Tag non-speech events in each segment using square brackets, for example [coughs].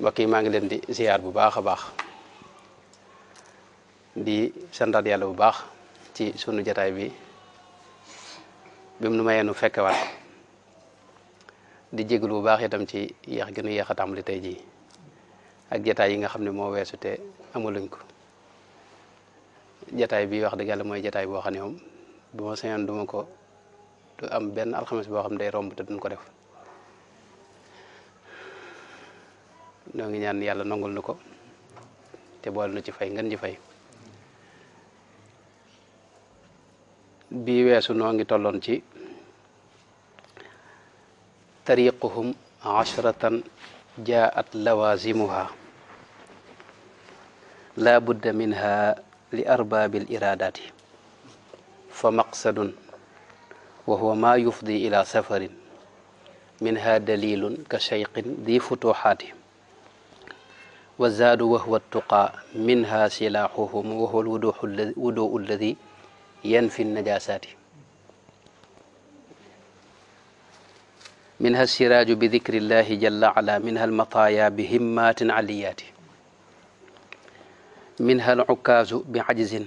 mbokk yi maa ngi leen di ziar bu baax a baax di santal yàlla bu baax ci sunu jataay bi bi mu nu mayee nu fekkewaat ko di jégul bu baax itam ci yéex gi nu yéex a tàmbali tey jii ak jataay yi nga xam ne moo weesu te amuluñ ko jataay bi wax dëgg yàlla mooy jataay boo xam ne moom bu ma sañoon duma ko du am benn alxames boo xam day romb te duñ ko def noo ngi ñaan yàlla nongul nu ko te bool nu ci fay ngeen ji fay bii weesu noo ngi tolloon ci tariquhum ashratan jaat lawazimuha la budda minha li arbaabil iraadaati fa maqsadun wa huwa ma yufdi ila safarin minha dalilun ka shayqin di futuxaati والزاد وهو التقى منها سلاحهم وهو الوضوء الذي ينفي النجاسات منها السراج بذكر الله جل وعلا منها المطايا بهمات عليات منها العكاز بعجز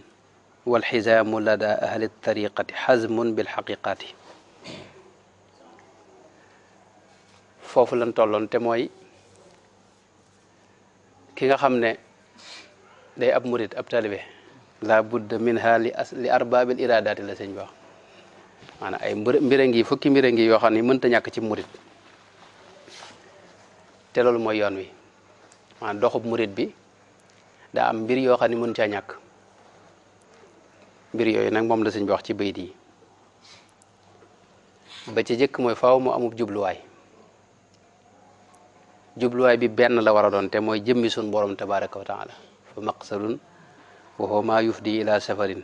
والحزام لدى أهل الطريقة حزم بالحقيقات فوف لن تولون تموي ki nga xam ne day ab murit ab talibe la budda min ha li as li arbaabil iradaati la sëñ bi wax maanaam ay mbir ngi fukki mbir ngi yoo xam ne mënta ñàkk ci murit te loolu mooy yoon wi maanaam doxub murit bi da am mbir yoo xam ne mën caa ñàkk mbir yooyu nag moom la sëñ bi wax ci bayit yi ba ci jëkk mooy faaw mu amub jubluwaay jubluwaay bi benn la war a doon te mooy jëmmi sun borom tabaraka wa taala fa maqsadun wa huwa ma yufdi ila safarin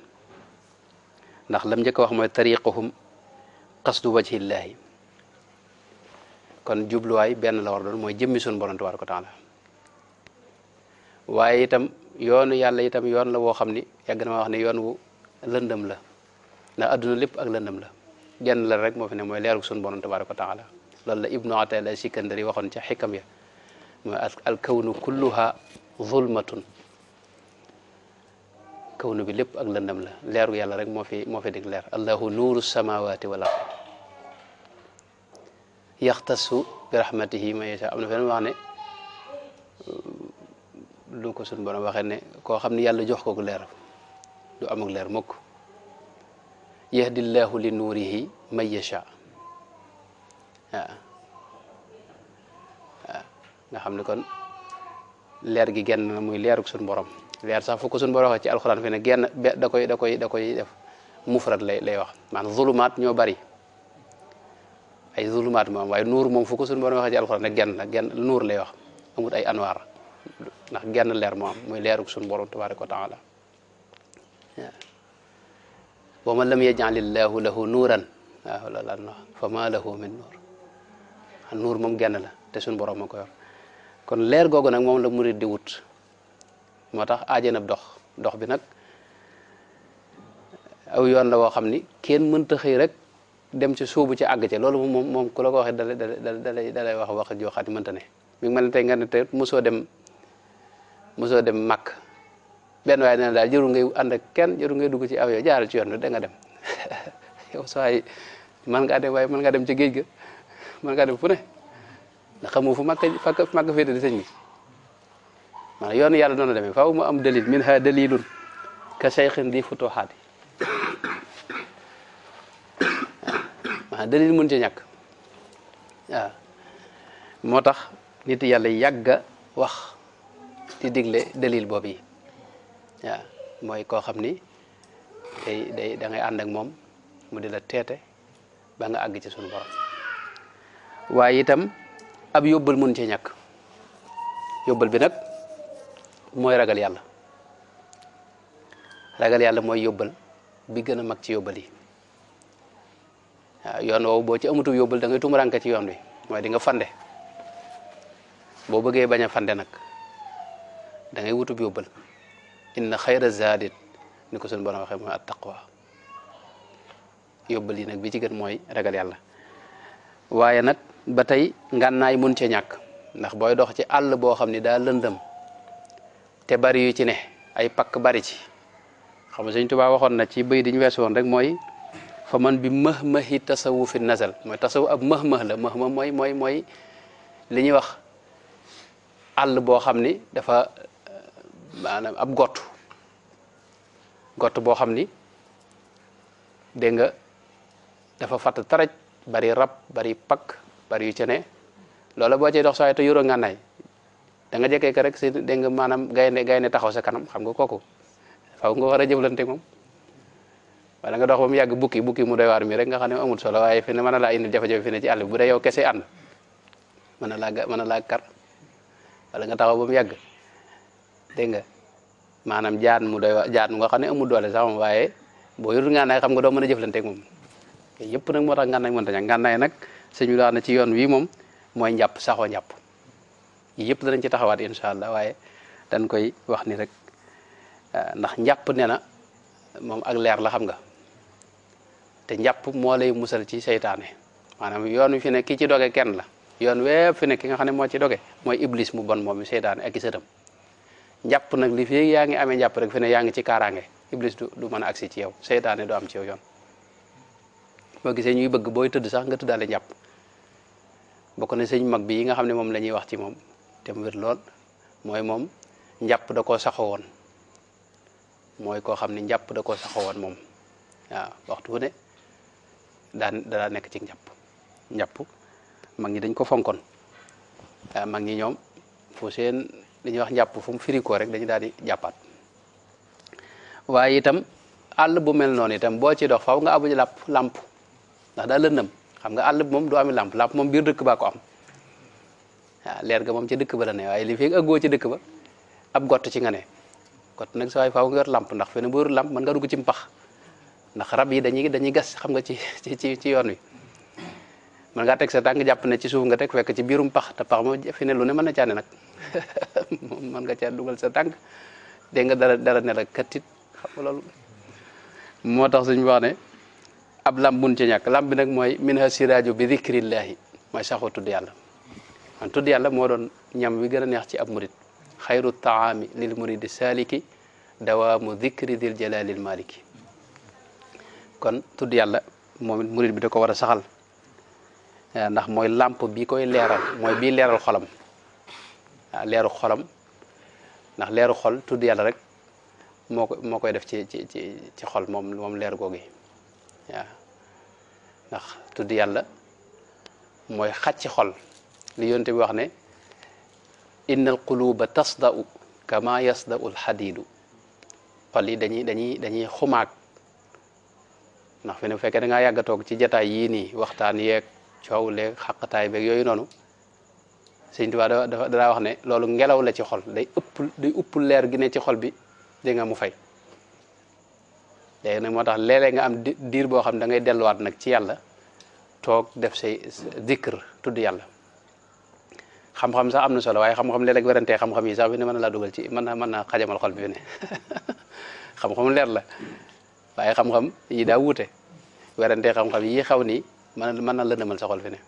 ndax lam njëkk wax mooy tariqahum qasdu wajhillahi kon jubluwaay benn la war doon mooy jëmmi sun borom tabaraka wa taala waaye itam yoonu yàlla itam yoon la woo xam ni yàgg na ma wax ne yoon wu lëndëm la ndax adduna lépp ak lëndëm la genn la rek moo fi ne mooy leerug sun borom tabaraka wa taala loolu la ibnu atay la sikandari waxoon ca xikam الكون كلها ظلمة كون بلب أغلى نملة لير ويا لرق ما في ما في دك لير الله نور السماوات والأرض يختص برحمته ما يشاء أبن فلم يعني لو كسر بنا وخير نه كوا خم نيال جوخ كوا لير دو أمك لير مك يهدي الله لنوره ما يشاء nga xam ne kon leer gi genn na muy leeruk suñ borom leer sax fukk suñ borom wax ci alxuraan fi ne genn da koy da koy da koy def mufrat lay lay wax maanaam zulumaat ñoo bari ay zulumaat moom waaye nuur moom fukk suñ borom wax ci alxuraan rek genn na genn nuur lay wax amut ay anwar ndax genn leer moo am muy leeruk suñ borom tabaraka wa taala wa man lam yajal illahu lahu nuran waaw loolu la fa ma lahu min nur nuur moom genn la te suñu borom moo ko yor kon leer googu nag moom la murid di wut moo tax aajanab dox dox bi nag aw yoon la woo xam ni kenn mënta xëy rek dem ci suubu ci àgg ca loolu moom moom ku la ko waxee dalay dalay dalay wax wax joo xam ne mënta ne mi ngi mel mosoo dem mosoo dem màkk benn waaye nee na daal jëru ngay ànd ak kenn jëru ngay dugg ci aw jaar jaaral ci yoon bi da nga dem [laughs] yow soo ay mën ngaa dem waaye mën dem ci géej ga mën ngaa dem fu ndax xamoo fu màkk a màkk a féete di sëñ bi maanaam yoonu yàlla noonu demee faaw mu am dalil min ha dalilun ka cheikhin di futuhaat yi maanaam dalil mën ci ñàkk moo tax nit yàlla yàgga wax di digle dalil boobu yi mooy koo xam ni day day ànd ak moom mu di la teete ba nga àgg ci suñu waaye itam ab yóbbal mun ci ñàkk yóbbal bi nag mooy ragal yàlla ragal yàlla mooy yóbbal bi gën a mag ci yóbbal yi yoon woowu boo ci amatu yóbbal da ngay ranka ci yoon bi mooy di nga fande boo bëggee bañ a fande nag da ngay wutub yóbbal inna xayra zaadit ni ko suñu borom waxee mooy at taqwa yóbbal yi nag bi ci gën mooy ragal yàlla waaye nag ba tey ngànnaay mun ca ñàkk ndax booy dox ci àll boo xam ni daa lëndëm te bari yu ci ne ay pakk bari ci xam nga Sëñ Tuubaa waxoon na ci bëy diñu weesu woon rek mooy fa man bi mëh-mëhi tasawu fi nasal mooy tasawu ab mëh-mëh la mëh-mëh mooy mooy mooy li ñuy wax àll boo xam ni dafa maanaam ab gott gott boo xam ni dégg nga dafa fatt taraj bari rap bari pak bari yu ca bo ci boo cay dox soo te yuroo ngànnaay da nga jekkee rek si dégg nga maanaam gayne gaynde taxaw sa kanam xam nga koku faaw nga wara jeblante mom wala nga dox bam yag buki buki mu doy war mi rek nga xane amul solo waye fi ne indi jafe-jafe fi ne ci àll bu dee yow kese and mën a laa mën kar wala nga taxaw bam yag yàgg nga manam jaan mu doy jaan nga xane amul doole sax mom waye bo yorul nga nay xam nga do meuna a mom yëpp nag moo tax ngànnaay mënta ñàkk ngànnaay nag sëñ bi daal na ci yoon wii moom mooy njàpp saxoo njàpp yëpp danañ ci taxawaat incha allah waaye dañ koy wax ni rek eh, ndax njàpp ne na moom ak leer la xam nga te njàpp moo lay musal ci seytaane maanaam yoon wi fi ne ki ci dooge kenn la yoon wee fi ne ki nga xam ne moo ci dooge mooy iblis mu bon moom seytaane ak i sëtam njàpp nag li fi yaa ngi amee njàpp rek fi ne yaa ngi ci kaaraange iblis du du mën a agsi ci yow seytaane du am yoon boo gisee ñuy bëgg booy tëdd sax nga tëddaale na sëñ mag bi yi nga xam ne moom lañuy ñuy wax ci moom te mu wér lool mooy moom njàpp da koo saxoo mooy koo xam ne njàpp koo saxoo moom waaw waxtu wu ne daan nekk ci njàpp njàpp mag ñi dañ ko fonkoon mag ñi ñoom fu seen li ñuy wax njàpp fu mu firikoo rek dañu daal di jàppaat waaye itam àll bu mel noonu itam boo ci dox faw nga abuji làpp làmp ndax la neum xam nga àll mom do am lamp lamp mom bir dekk ba ko am waaw leer ga mom ci dekk ba la ne way li fi go ci dekk ba ab gott ci nga ne gott nak sa way faaw nga lamp ndax fene bu lamp man nga dug ci mbax ndax rab yi dañuy dañuy gas xam nga ci [laughs] ci ci yoon wi man nga tek sa tang japp ne ci suuf nga tek fek ci birum pax ta pax mo fene lu ne [laughs] man na ci nak man nga ci dugal sa tang de nga dara dara ne la katit xam nga lolou motax tax wax ne ab lam mun ci ñak lamb nak moy min hasiraju bi dikrillahi ma saxoo tuddi yalla man tuddi yalla mo doon ñam wi gëna neex ci ab murid khayru taami lil murid saliki dawamu dikri dil jalalil maliki kon tuddi yalla moom murid bi da ko wara saxal eh, ndax moy lamp bi koy leral moy bi leral xolam ah, leru xolam ndax leru xol tuddi yalla rek moo koy def ci ci ci xol mom mom leru gogui waaw ndax tudd yàlla mooy xacc xol li yonte bi wax ne inna al quluba tasda'u kama yasda'u al xadiidu xol yi dañuy dañuy dañuy xumaag ndax fi ne bu fekkee da ngaa yàgg ci jataay yii nii waxtaan yeeg coow leeg xaqataay beeg yooyu noonu sëñ Tuubaa dafa dafa wax ne loolu ngelaw la ci xol day ëpp day leer gi ne ci xol bi di mu fay léegi nag moo tax léeg nga am diir boo xam da ngay delluwaat nag ci yàlla toog def sa zikr tudd yàlla xam-xam sax am na solo waaye xam-xam léeg-léeg werantee xam-xam yi sax ne mën na laa dugal ci mën na mën naa xajamal xol bi fi ne [laughs] leer la waaye xam-xam yi daa wuute werantee xam-xam yi xaw nii mën mën na la dëmal sa xol fi ne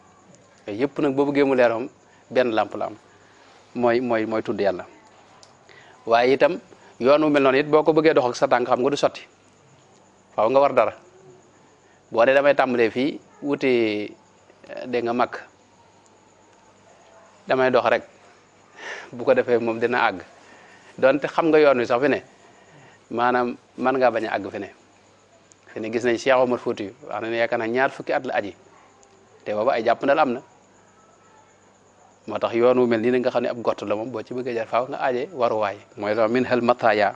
yooyu nag boo bëggee mu leer moom benn làmp la mooy mooy mooy tudd yàlla waaye itam yoon wu mel noonu it boo ko bëggee doxal ak sa tànk xam nga du sotti faaw nga war dara boo dee damay tàmbalee fii wuti eh, dégg nga mag damay dox rek bu ko defee moom dina àgg donte xam nga yoon wi sax fi ne maanaam man ngaa bañ a àgg fi gis nañ Cheikh Omar Fouti wax na ne yaakaar ñaar fukki at la aji te booba ay jàppandal am na moo tax yoon wu mel nii nga xam ne ab gott la moom boo ci bëggee jar faaw nga aajee waruwaay mooy sax min hal mataya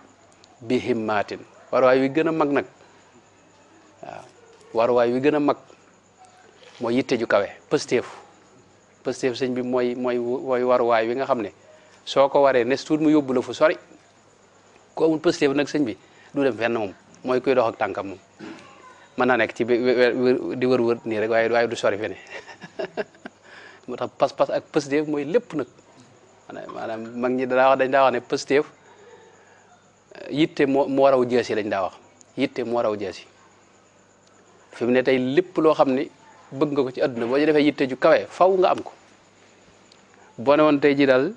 bi himmaatin waruwaay wi gën a mag nag waaw waruwaay wi gën a mag mooy yitte ju kawe pësteef pësteef sëñ bi mooy mooy mooy waruwaay wi nga xam ne soo ko waree nes tuut mu yóbbu la fu sori ku amul pësteef nag sëñ bi du dem fenn moom mooy kuy dox ak tànkam moom mën naa nekk ci di wër nii rek waaye waaye du sori fene [laughs] moo tax pas-pas ak pësteef mooy lépp nag maanaam mag ñi daa wax dañ daa wax ne pësteef yitte moo moo raw jeesi lañ daa wax yitte moo raw jeesi fi ne tey lépp loo xam ni bëgg nga ko ci àdduna boo ci defee yitte ju kawe faw nga am ko boo ne woon tey ji daal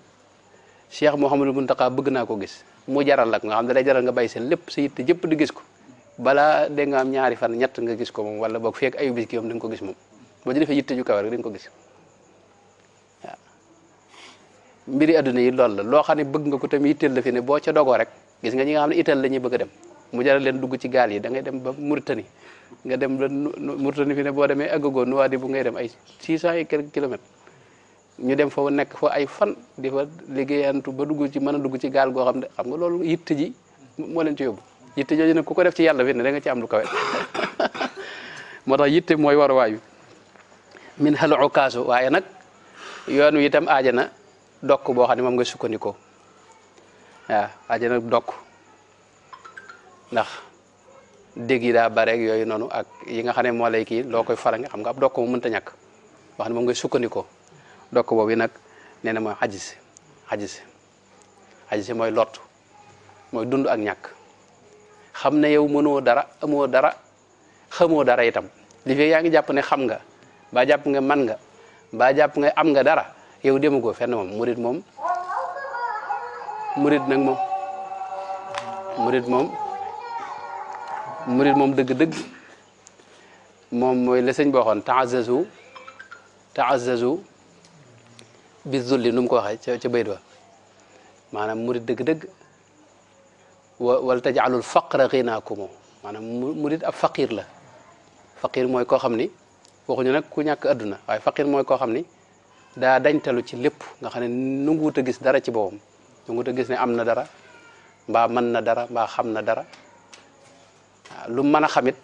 Cheikh Mouhamadou Mountakha bëgg naa ko gis mu jaral la nga xam ne day jaral nga bàyyi seen lépp sa yitte jëpp di gis ko balaa dégg am ñaari fan ñett nga gis ko moom wala boog feek ayu bis ki ko gis moom boo ci defee yitte ju kawe rek ko gis waaw mbiri àdduna yi loolu la loo xam ne bëgg nga ko tamit yitteel la ne boo ca dogoo rek gis nga ñi nga xam ne ital la ñuy bëgg dem mu jaral leen dugg ci gaal yi da ngay dem ba Mauritanie nga dem ba Mauritanie fi ne boo demee àggagoo bu ngay dem ay 600 et quelques kilomètres ñu dem fa nekk fo ay fan di fa liggéeyantu ba dugg ci mën a dugg ci gaal goo xam ne xam nga loolu yitte ji moo leen ci yóbbu yitte ku ko def ci yàlla fi ne da ci am lu kawe [laughs] moo tax yitte mooy waruwaay bi min xel ukaasu waaye nag yoon wi itam aaja na dokk boo xam ne moom nga sukkandikoo waaw aaja na dokk ndax dég yi daa bare yooyu noonu ak yi nga xam ne moo lay kii loo koy faral nga xam nga ab dokk moom mënta ñàkk wax ne moom ngay sukkandikoo dokk boobu nag nee na mooy xajisi xajisi xajisi mooy lott mooy dund ak ñàkk xam ne yow mënoo dara amoo dara xamoo dara itam li yaa ngi jàpp ne xam nga baa jàpp nga man nga baa jàpp nga am nga dara yow demagoo fen moom murit moom murit nag moom murit moom murid moom dëgg-dëgg moom mooy la sëñ ta waxoon taazazu taazazu bi zulli nu mu ko waxee ca ca bayit wa maanaam murid dëgg-dëgg wa wala tajaalul faqra xinaakumu maanaam murid ab faqir la faqir mooy koo xam ni waxuñu nag ku ñàkk adduna waaye faqir mooy koo xam ni daa telu ci lépp nga xam ne nanguwut a gis dara ci boppam nanguwut a gis ne am na dara mbaa mën na dara mbaa xam na dara lu mën a xamit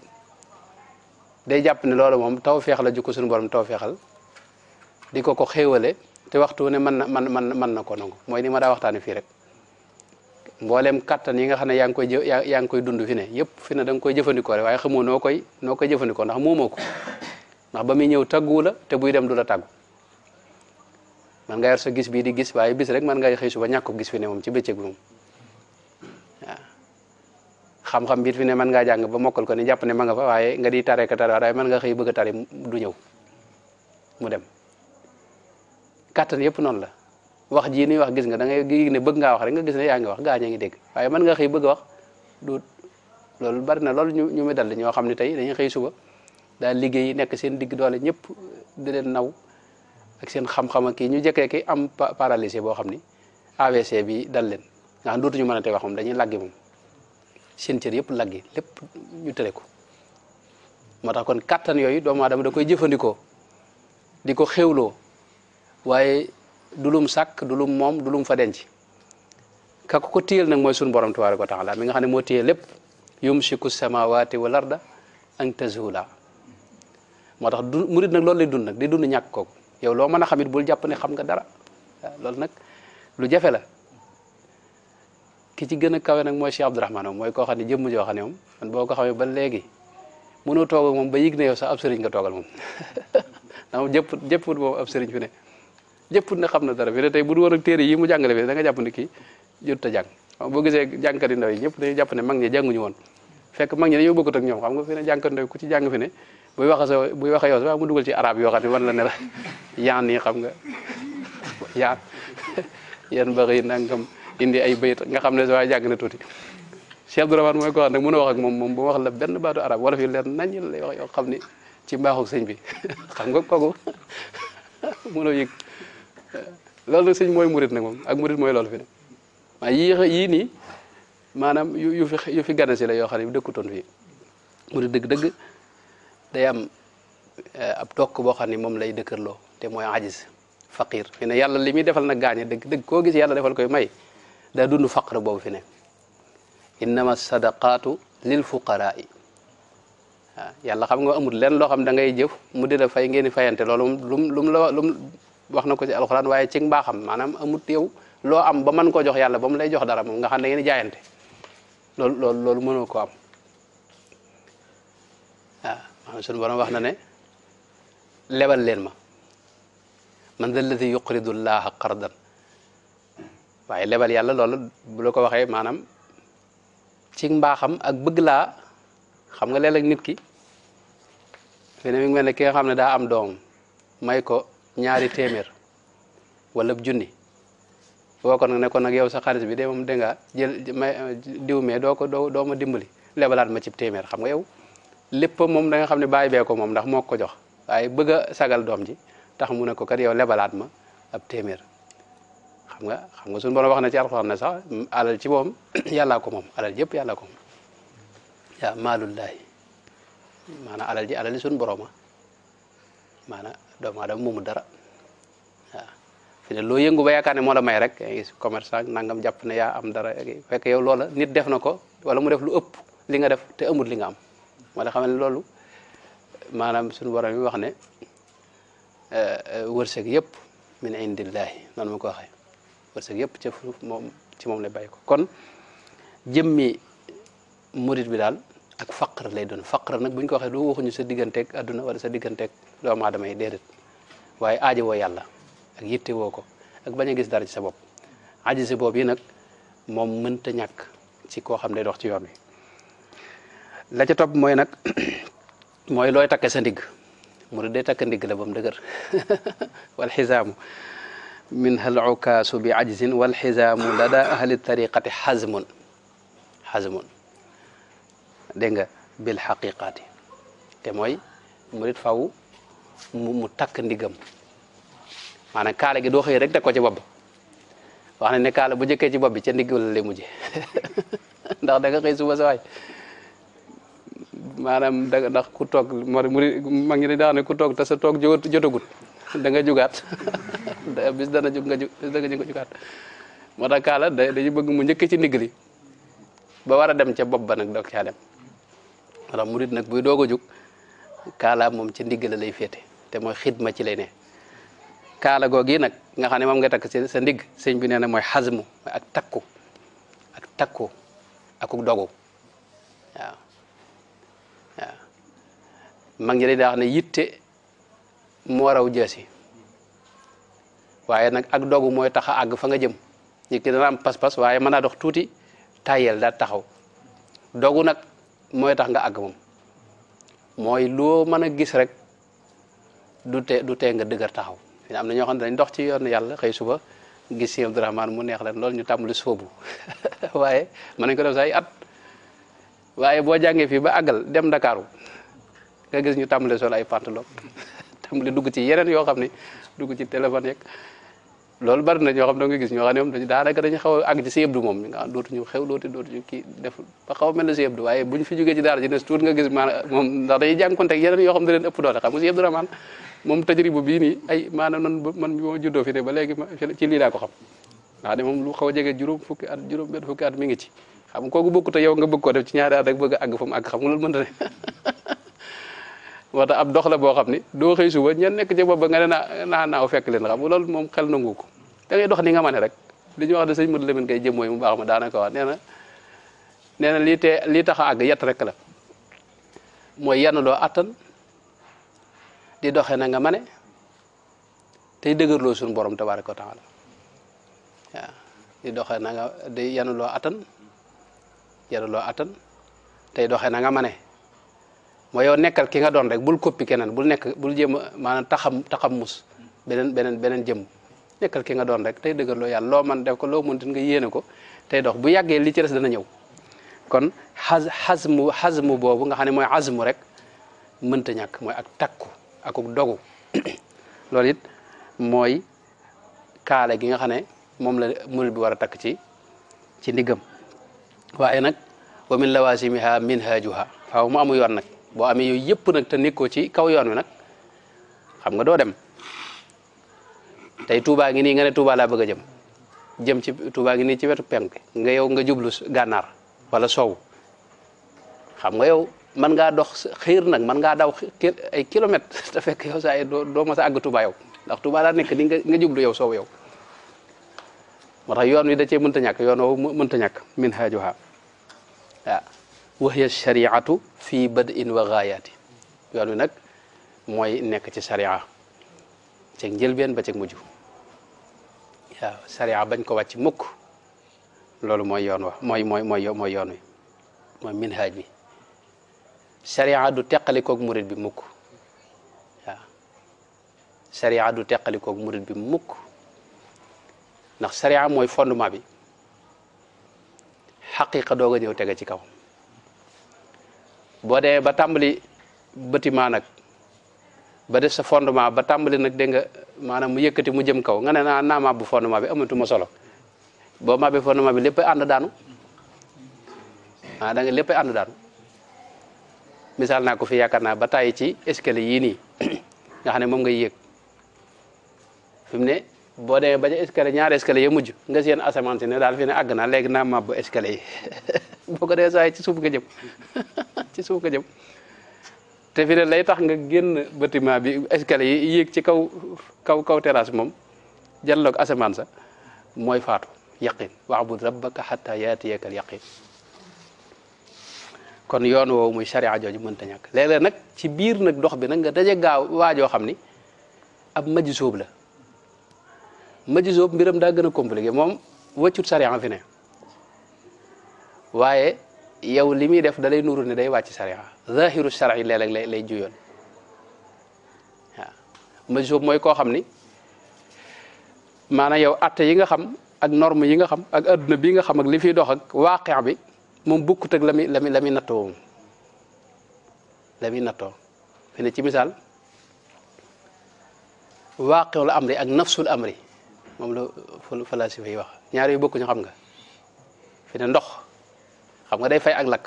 day jàpp ne loolu moom taw feex la jukko suñu borom taw feexal di ko ko xéewale te waxtu ne mën na mën mën mën na ko nong mooy ni ma daa waxtaane fii rek mbooleem kattan yi nga xam ne yaa ngi koy jë yaa ngi koy dund fi ne yëpp fi ne danga koy jëfandikoo rek xamoo noo koy noo koy ndax moomoo ko ndax ba muy ñëw taggu la te buy dem du la taggu man nga yor sa gis bii di gis waaye bis rek man ngay xëy suba ñàkk gis fi ne moom ci bëccëg bi moom xam-xam bi fi ne mën ngaa jàng ba mokkal ko ni jàpp ne ma nga fa waaye nga di tare ka tare waaye mën nga xëy bëgg tari du ñëw mu dem kàttan yëpp noonu la wax jii nuy wax gis nga da ngay ne bëgg ngaa wax rek nga gis ne yaa ngi wax gaa a ngi dégg waaye mën nga xëy bëgg a wax du loolu bari na loolu ñu ñu mi dal ñoo xam ne tey dañuy xëy suba daal liggéey nekk seen digg doole ñëpp di leen naw ak seen xam-xam ak kii ñu jekkee ki am paralysé boo xam ni AVC bi dal leen nga xam dootuñu mën a dañuy laggi moom seen cër yëpp laggi lépp ñu tële ko moo tax kon kattan yooyu doomu aadama da koy jëfandikoo di ko xéwloo waaye du lum sàkk du lum moom du lum fa denc ka ko ko téyel nag mooy sunu borom tabaaraka wa taala mi nga xam ne moo téye lépp yumsiku samawaati wal arda an tazula moo tax du murid nag loolu lay dun nag di dun ñàkk kooku yow loo mën a xam it bul jàpp ne xam nga dara waaw nag lu jafe ki ci gën a kawe nag mooy Cheikh Abdourahmane moom mooy ko xam ne jëmm joo xam ne moom man boo ko xamee ba léegi mënoo toog ak moom ba yëg ne yow sax nga toogal moom [laughs] na moom jëpp jëpput moom ab sëriñ fi ne jëpput ne xam na dara fi ne tey bu du woon ak téere yi mu jàngale fi da nga jàpp ne kii jot a boo gisee jàngkat yi ndaw yi ñëpp dañuy jàpp ne mag ñi jànguñu woon fekk mag ñi dañoo bokkut ak ñoom xam nga fi ne jàngkat ndaw ku ci jàng fi ne buy wax sa buy wax yow sax mu dugal ci arab yoo xam ne wan la ne la [laughs] yaan yi xam nga [laughs] yaan yan bëri nangam indi ay bayit nga xam ne sa waaye jàgg na tuuti Cheikh Abdourahmane mooy ko wax nag mën a wax moom moom bu wax la benn baatu arab wala fi leer nañ lay wax yoo xam ni ci mbaaxu sëñ bi [laughs] xam nga kooku [laughs] mënoo yëg loolu nag sëñ mooy murit nag moom ak murit mooy loolu fi ne maa yii yii nii maanaam yu yu fi yu fi gane la yoo xam ne dëkkutoon fii murit dëgg-dëgg day a eh, ab boo xam ne moom lay dëkkërloo te mooy ajis faqir fi ne yàlla li muy defal nag gaañe dëgg dëgg koo gis yàlla defal koy may daa dund faqra boobu fi nekk innama sadaqaatu lil fuqaraa waaw yàlla xam nga amul lenn loo xam da ngay jëf mu di la fay ngeen di fayante loolu lum lum la lum wax na ko ci alxuraan waaye ci mbaaxam maanaam amut yow loo am ba man koo jox yàlla ba mu lay jox dara moom nga xam ne ngeen jaayante loolu loolu loolu mënoo ko am waaw maanaam sunu wax na ne lebal leen ma man da alladi yuqridu llaaha qardan waaye lebal yàlla loolu bu la ko waxee maanaam ci mbaaxam ak bëgg laa xam nga léeg-léeg nit ki fi ne mi ngi ne ki nga xam ne daa am doom may ko ñaari téeméer wala junni woo kon nag ne ko nag yow sa xaalis bi de moom da nga jël may diw mee doo ko doo doo ma dimbali lebalaat ma ci téeméer xam nga yow lépp moom da xam ne baay bee ko moom ndax moo ko jox waaye bëgg sagal doom ji tax mu ne ko kat yow lebalaat ma ab téeméer xam nga xam nga suñu borom wax na ci alxuraan ne sax alal ci moom [clears throat] yàllaa ko moom alal yëpp yàllaa ko moom yaa maalullaahi maanaam alal ji alal li suñu borom ah, maanaam doomu moomu dara waaw fi ne loo yëngu ba yaakaar ne moo la may rek gis commerçant nangam jàpp ne yaa am dara fekk yow loola nit def na ko wala mu def lu ëpp li nga def te amul li nga am wala xam ne loolu maanaam suñu borom yi wax ne eh, eh, wërsëk yëpp min indillahi noonu ma ko waxee wërsëg yëpp ca suuf ci moom lay bay ko kon jëmmi murit bi daal ak faqr lay doon ra nag buñ ko waxee du waxuñu sa digganteeg adduna wala sa digganteeg doomu aadama yi déedéet waaye aajo wo yàlla ak yitte woo ko ak bañ a gis dara ci sa bopp aajo si boob yi nag moom mënta ñàkk ci koo xam day dox ci yoon wi la ca topp mooy nag [clears throat] mooy looy takk sa ndigg murit day takk ndigg la ba mu dëgër [laughs] wala xisaamu minha al ukaasu bi ajzin wa xisaamu lada ahli tariqati xazmun xazmun dégg nga bil xaqiqati te mooy murit faw mu takk ndiggam maanaam kaala gi doo xëy rek teg ko ci bopp wax na ne kaala bu njëkkee ci bopp bi ca ndigg la mu mujje [laughs] ndax da nga xëy suba sa waay maanaam da ndax ku toog mari murit ma ngi ne daa ne ku toog te sa toog jotagut [laughs] da nga jugaat [laughs] bis dana jug nga jug bis da nga jug jugaat moo tax kaala day dañu bëgg mu njëkk ci ndigg li ba war a dem ca bopp ba nag doog caa dem wala murid nak buy doog a jug kaala moom ci ndigg la lay féete te mooy xidma ci lay ne kaala googi nag nga xam ne moom nga takk ci sa ndigg sëñ bi nee na mooy xasmu ak takku ak takku akuk dogu waaw ya. ya. waaw mag ñi day wax ne yitte moo raw jësi waye nag ak dogu moy taxa a fa nga jëm nit ki dana am pas-pas waye mën dox tuuti tayel da taxaw dogu nak moy tax nga ag mom moy lo mën a gis rek du te du te nga deugar taxaw am na ñoo xam dañ dox ci yoon yalla xey suba gis si Abdourahmane mu neex leen lol ñu tamlu sobu [laughs] waye man nañ ko def say at waye bo jange fi ba agal dem Ndakaaru nga gis ñu sol ay pantalon [laughs] xam nga dugg ci yeneen yoo xam ne dugg ci téléphone yeeg loolu bari na ñoo xam da nga gis ñoo xam ne moom dañu daanaka dañu a àgg ci si yëbdu a mel ne si yëbdu waaye buñu fi jógee ci daara ji des tuut nga gis maanaam moom ndax dañuy jànkonte ak yeneen yoo xam ne leen ëpp doole xam nga si yëbdu ramaan ay maanaam noonu man bi ba léegi ci lii xam ndax a jege juróom fukki at juróom benn fukki at mi xam nga kooku bokkut yow nga bëgg koo def ci ñaari at rek bëgg a àgg fa xam nga mën na [laughs] wata ab dox la boo xam ni doo xëy suba ñen nekk ci bopp ba nga ne naa naaw fekk leen xam lool moom xel nangu ko da ngay dox ni nga mane rek li ñu wax de sëñ Modou Lamine Gueye jëm mooy mu baax ma daanaka wax na lii tee lii tax àgg yet rek la mooy yenn loo attan di doxee na nga mane tey dëgërloo suñu borom te wa taala waaw di doxee nanga nga di yenn loo attan yenn loo tey doxe na nga mane mooy yow nekkal ki nga doon rek bul koppi keneen bul nekk bul jéem a maanaam taxam taxam mus beneen beneen beneen jëm nekkal ki nga doon rek tey dëggal loo yàlla loo man def ko loo mënut nga yéene ko tey dox bu yàggee li ci des dana ñëw kon xas xasmu xasmu boobu nga xam ne mooy azmu rek mënta ñàkk mooy ak takku akuk dogu [coughs] loolu it mooy kaale gi nga xam ne moom la murid bi war a takk ci ci ndiggam waaye nag wa min lawasimiha minhajuha mu amu yoon nag boo amee yooyu yëpp nag te nekkoo ci kaw yoon wi nag xam nga doo dem tey Touba ngi nii nga ne Touba laa bëgg a jëm jëm ci Touba ngi nii ci wetu penk nga yow nga jublu gànnaar wala sow xam nga yow mën ngaa dox xiir nag man ngaa daw ay ta [laughs] te fekk yow saa yi doo doo mos a yow ndax Touba daa nekk ni nga nga jublu yow sow yow moo tax yoon wi da cee mënta ñàkk yoon woowu mënta ñàkk min haajuha waaw waxya shariatu fii bad in wa gaayaati yoon wi nag mooy nekk ci sharia ceeg njëlbeen ba ceeg mujj waaw sharia bañ ko wàcc mukk loolu mooy yoon wa mooy yoon wi mooy minhaaj bi sharia du teqali koog bi mukk waaw sharia du teqali koog murit bi mukk ndax sharia mooy fondement bi xaqiqa dooga a ñëw tege ci kaw boo demee ba tàmbali bâtiment nag ba def sa fondement ba tàmbali nag dégg nga maanaam mu yëkkati mu jëm kaw nga ne naa naa màbbu fondement bi amatuma solo boo màbbee fondement bi lépp ànd daanu ah lépp ànd daanu misaal naa ko fi yaakaar naa ba tàyyi ci escalier yii nii [coughs] nga xam ne moom nga yéeg fi ne. boo demee ba ca escalier ñaar escalier ya mujj nga seen asamaan ne daal fi ne àgg naa léegi naa màbb escalier yi [laughs] boo ko dee saa ci suuf nga jëm [laughs] ci te fi ne lay tax nga génn bâtiment bi escalier yi yéeg ci kaw kaw kaw terrasse moom jalloog asamaan sa mooy faatu wax yaqin wa'bud rabbaka hatta yaatiyakal yaqin kon yoon woow muy sharia jooju mënta ñàkk léeg-léeg nag ci biir nag dox bi nag nga daje gaaw waajoo xam ni ab maji sóob la Madji Zoob mbiram daa gën a compliqué moom wàccut sariya fi ne waaye yow li muy def dalay lay nuru ne day wàcc sariya zahiru shar'i léeg lay juyoon waaw mooy koo xam ni maana yow atte yi nga xam ak norme yi nga xam ak adduna bi nga xam ak li fiy dox ak waaqeex bi moom bukkut ak la muy la muy la muy la muy nattoo fi ne ci misaal waaqeexul amri ak nafsul amri moom la falasifa yi wax ñaar yu bokkuñu xam nga fi ne ndox xam nga day fay ak lakk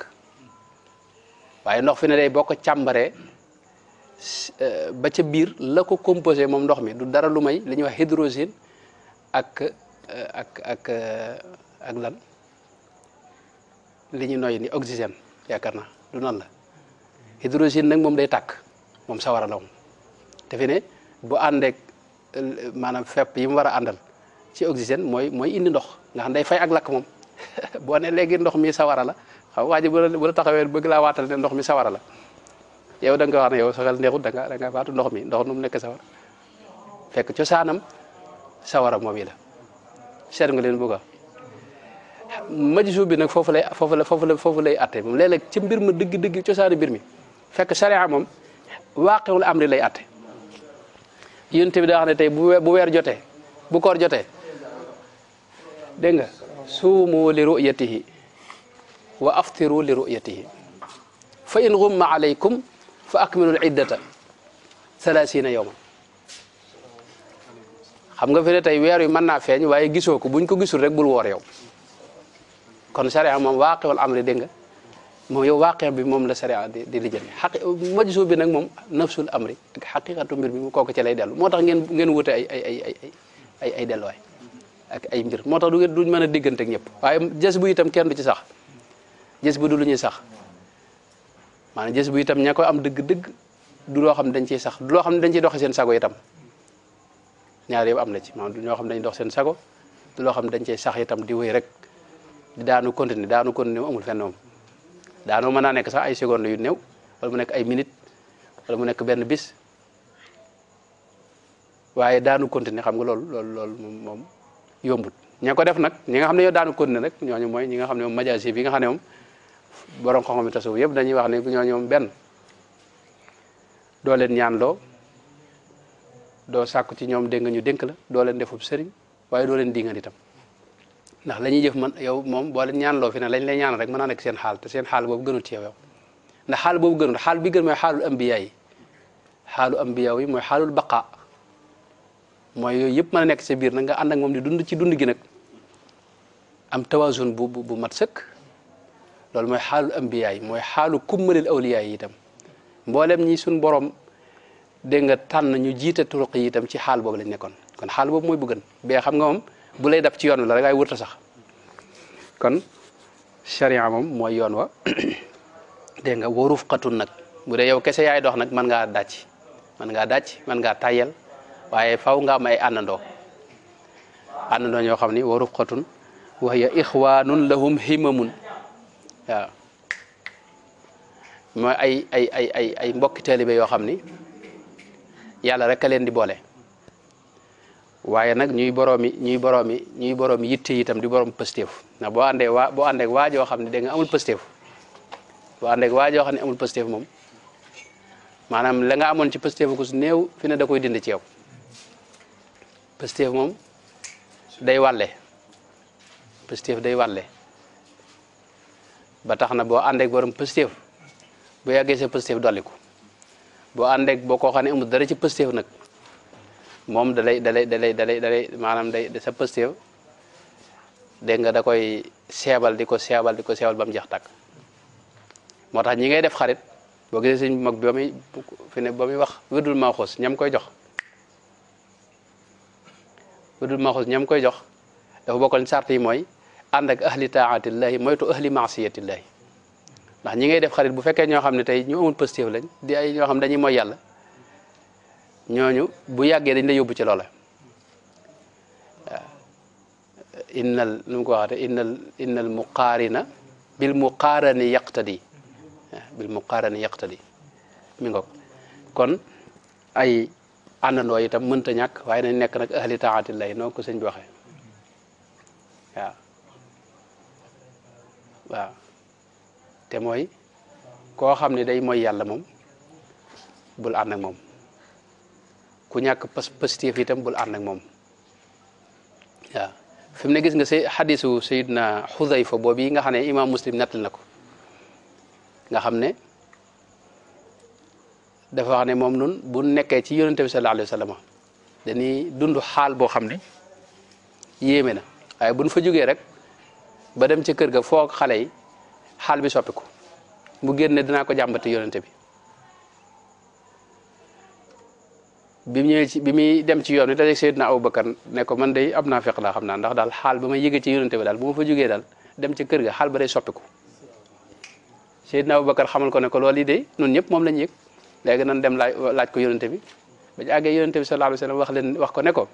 waaye ndox fi ne day boo càmbaree ba ca biir la ko composé moom ndox mi du dara lu may li ñuy wax hydrogène ak ak ak ak lan li ñuy noyyi ni oxygène yaakaar na lu noon la hydrogène nag moom day tàkk moom sawara la moom te fi ne bu àndeek maanaam fepp yi mu war a àndal ci oxygène mooy mooy indi ndox nga xam day fay ak lakk moom [laughs] boo ne léegi ndox mi sawara la xam waa ji bu la bu la taxawee bëgg laa waatal ne ndox mi sawara la yow da nga wax ne yow saxel neexut da nga da faatu ndox mi ndox nu mu nekk sawara fekk cosaanam sawara moom yi la seet nga leen bëgg a majsu bi nag foofu lay foofu la foofu la foofu lay atte moom léeg ci mbir ma dëgg-dëgg cosaanu mbir mi fekk sariya moom waaqiwul amri lay atte yunte bi da wax ne tey bu bu weer jotee bu koor jotee dégg nga suumu li ru'yatihi wa aftiru li ru'yatihi fa in ghumma alaykum fa akmilu al-iddata thalathina yawman xam nga fi ne tey weer wi mën naa feeñ waaye gisoo ko buñ ko gisul rek bul woor yow kon sharia amri dégg moom yow waaqe bi moom la sariya di di lijjanti xaq majsu bi nag moom nafsul amri ak xaqiqatu mbir bi kooku ci lay dellu moo tax ngeen ngeen wute ay ay ay ay ay delluwaay ak ay mbir moo tax du duñ mën a diggante ñëpp waaye jës bu itam kenn du ci sax jës bu du lu ñuy sax maanaam jës bu itam ña ko am dëgg-dëgg du loo xam ne dañ sax loo xam ne dañ ciy doxe seen sago itam ñaar yëpp am na ci maanaam du ñoo xam ne dox seen sago du loo xam ne dañ ciy sax itam di rek di daanu continuer daanu continuer amul fenn moom daanoo mën naa nekk sax ay secondes yu new wala mu nekk ay minutes wala mu nekk benn bis waaye daanu continuer xam nga loolu loolu loolu moom yombut ña ko def nag ñi nga xam ne ñoo daanu continuer rek ñooñu mooy ñi nga xam ne moom majaasi bi nga xam ne moom borom xam-xam yi yëpp dañuy wax ne ñooñu moom benn doo leen ñaan loo doo sàkku ci ñoom dégg nga ñu dénk la doo leen defub sëriñ waaye doo leen dingan itam ndax la ñuy jëf man yow moom boole leen ñaanloo fi ne lañ lay ñaan rek mën naa nekk seen xaal te seen xaal boobu gënut ci yow ndax xaal boobu gënut xaal bi gën mooy xaalul ambiya yi xaalu ambiya yi mooy xaalul baqa mooy yooyu yëpp mën nekk sa biir nag nga ànd ak moom di dund ci dund gi nag am tawaasun bu mat sëkk loolu mooy xaalul ambiya yi mooy xaalu kummalil awliya yi itam mboolem ñi suñ borom dégg nga tànn ñu jiite turuq yi itam ci xaal boobu lañ nekkoon kon xaal boobu mooy bu gën bee xam nga moom bu lay dab ci yoon wi la rek waaye wërta sax kon charia moom mooy yoon wa [coughs] dégg nga waruf nag bu dee yow kese yaay dox nag mën ngaa dàcc mën ngaa dàcc mën ngaa tàyyel waaye faw nga may ay àndandoo àndandoo ñoo xam ni waruf xatun wa hiya ixwaanun lahum himamun waaw mooy ay ay ay ay yoo xam ni yàlla rek a leen di boole waaye nag ñuy boroomi ñuy boroomi ñuy boroomi yitte itam di borom pësteef na boo àndee waa boo àndee waa joo xam ne danga nga amul pësteef boo àndee waa xam ne amul pësteef moom maanaam la nga amoon ci pësteef ku su néew fi ne da koy dind ci yow pësteef moom day walle pësteef day wàlle ba tax na boo àndeek borom pësteef bu yàggee sa pësteef dolliku boo àndeek boo koo xam ne amul dara ci pësteef nag moom dalay dalay dalay dalay dalay maanaam day sa pëstéef dégg nga da koy seebal di ko seebal di ko seebal ba mu jeex tàkk moo tax ñi ngay def xarit boo gisee sëñ mag bi ba muy fi ne ba muy wax wirdul maaxoos ñam koy jox wirdul maaxoos ñam koy jox dafa bokkoon sart yi mooy ànd ak ahli taatillahi moytu ahli maasiyatillahi ndax ñi ngay def xarit bu fekkee ñoo xam ne tey ñu amul pëstéef lañ di ay ñoo xam dañuy mooy yàlla ñooñu bu yàggee dañ lay yóbbu ci loola waaw innal nu ko waxate innal innal muqaarina bil muqaarani yaqtadi bil muqaarani yaqtadi mi ngoog kon ay àndandoo itam mënta ñàkk waaye nañ nekk nag ahli taatillahi noonu ko sëñ bi waxee waaw te mooy koo xam ne day mooy yàlla moom bul ànd ak moom ku ñàkk positif itam bul ànd ak moom waaw fi mu ne gis nga say xadisu sayidna xudayfa boobu yi nga xam ne imam muslim nettal na ko nga xam ne dafa wax ne moom nun bu nekkee ci yonente bi sallallahu alayhi wa sallam dañuy dund xaal boo xam ne yéeme na waaye buñ fa jógee rek ba dem ci kër ga foog xale yi xaal bi soppiku bu génne dinaa ko jàmbate yonente bi bi mu ñëwee ci bi muy dem ci yoon wi dajeeg Seydina Abubakar ne ko man day ab naafiq laa xam naa ndax daal xaal ba may yëge ci yonente bi daal bu ma fa jógee daal dem ci kër ga xaal ba day soppiku Seydina Abubakar xamal ko ne ko loolu yi de ñun ñëpp moom lañ yëg léegi nan dem laaj laaj ko yonente bi ba ci àggee yonente bi sallallahu alayhi wasallam wax leen wax ko ne ko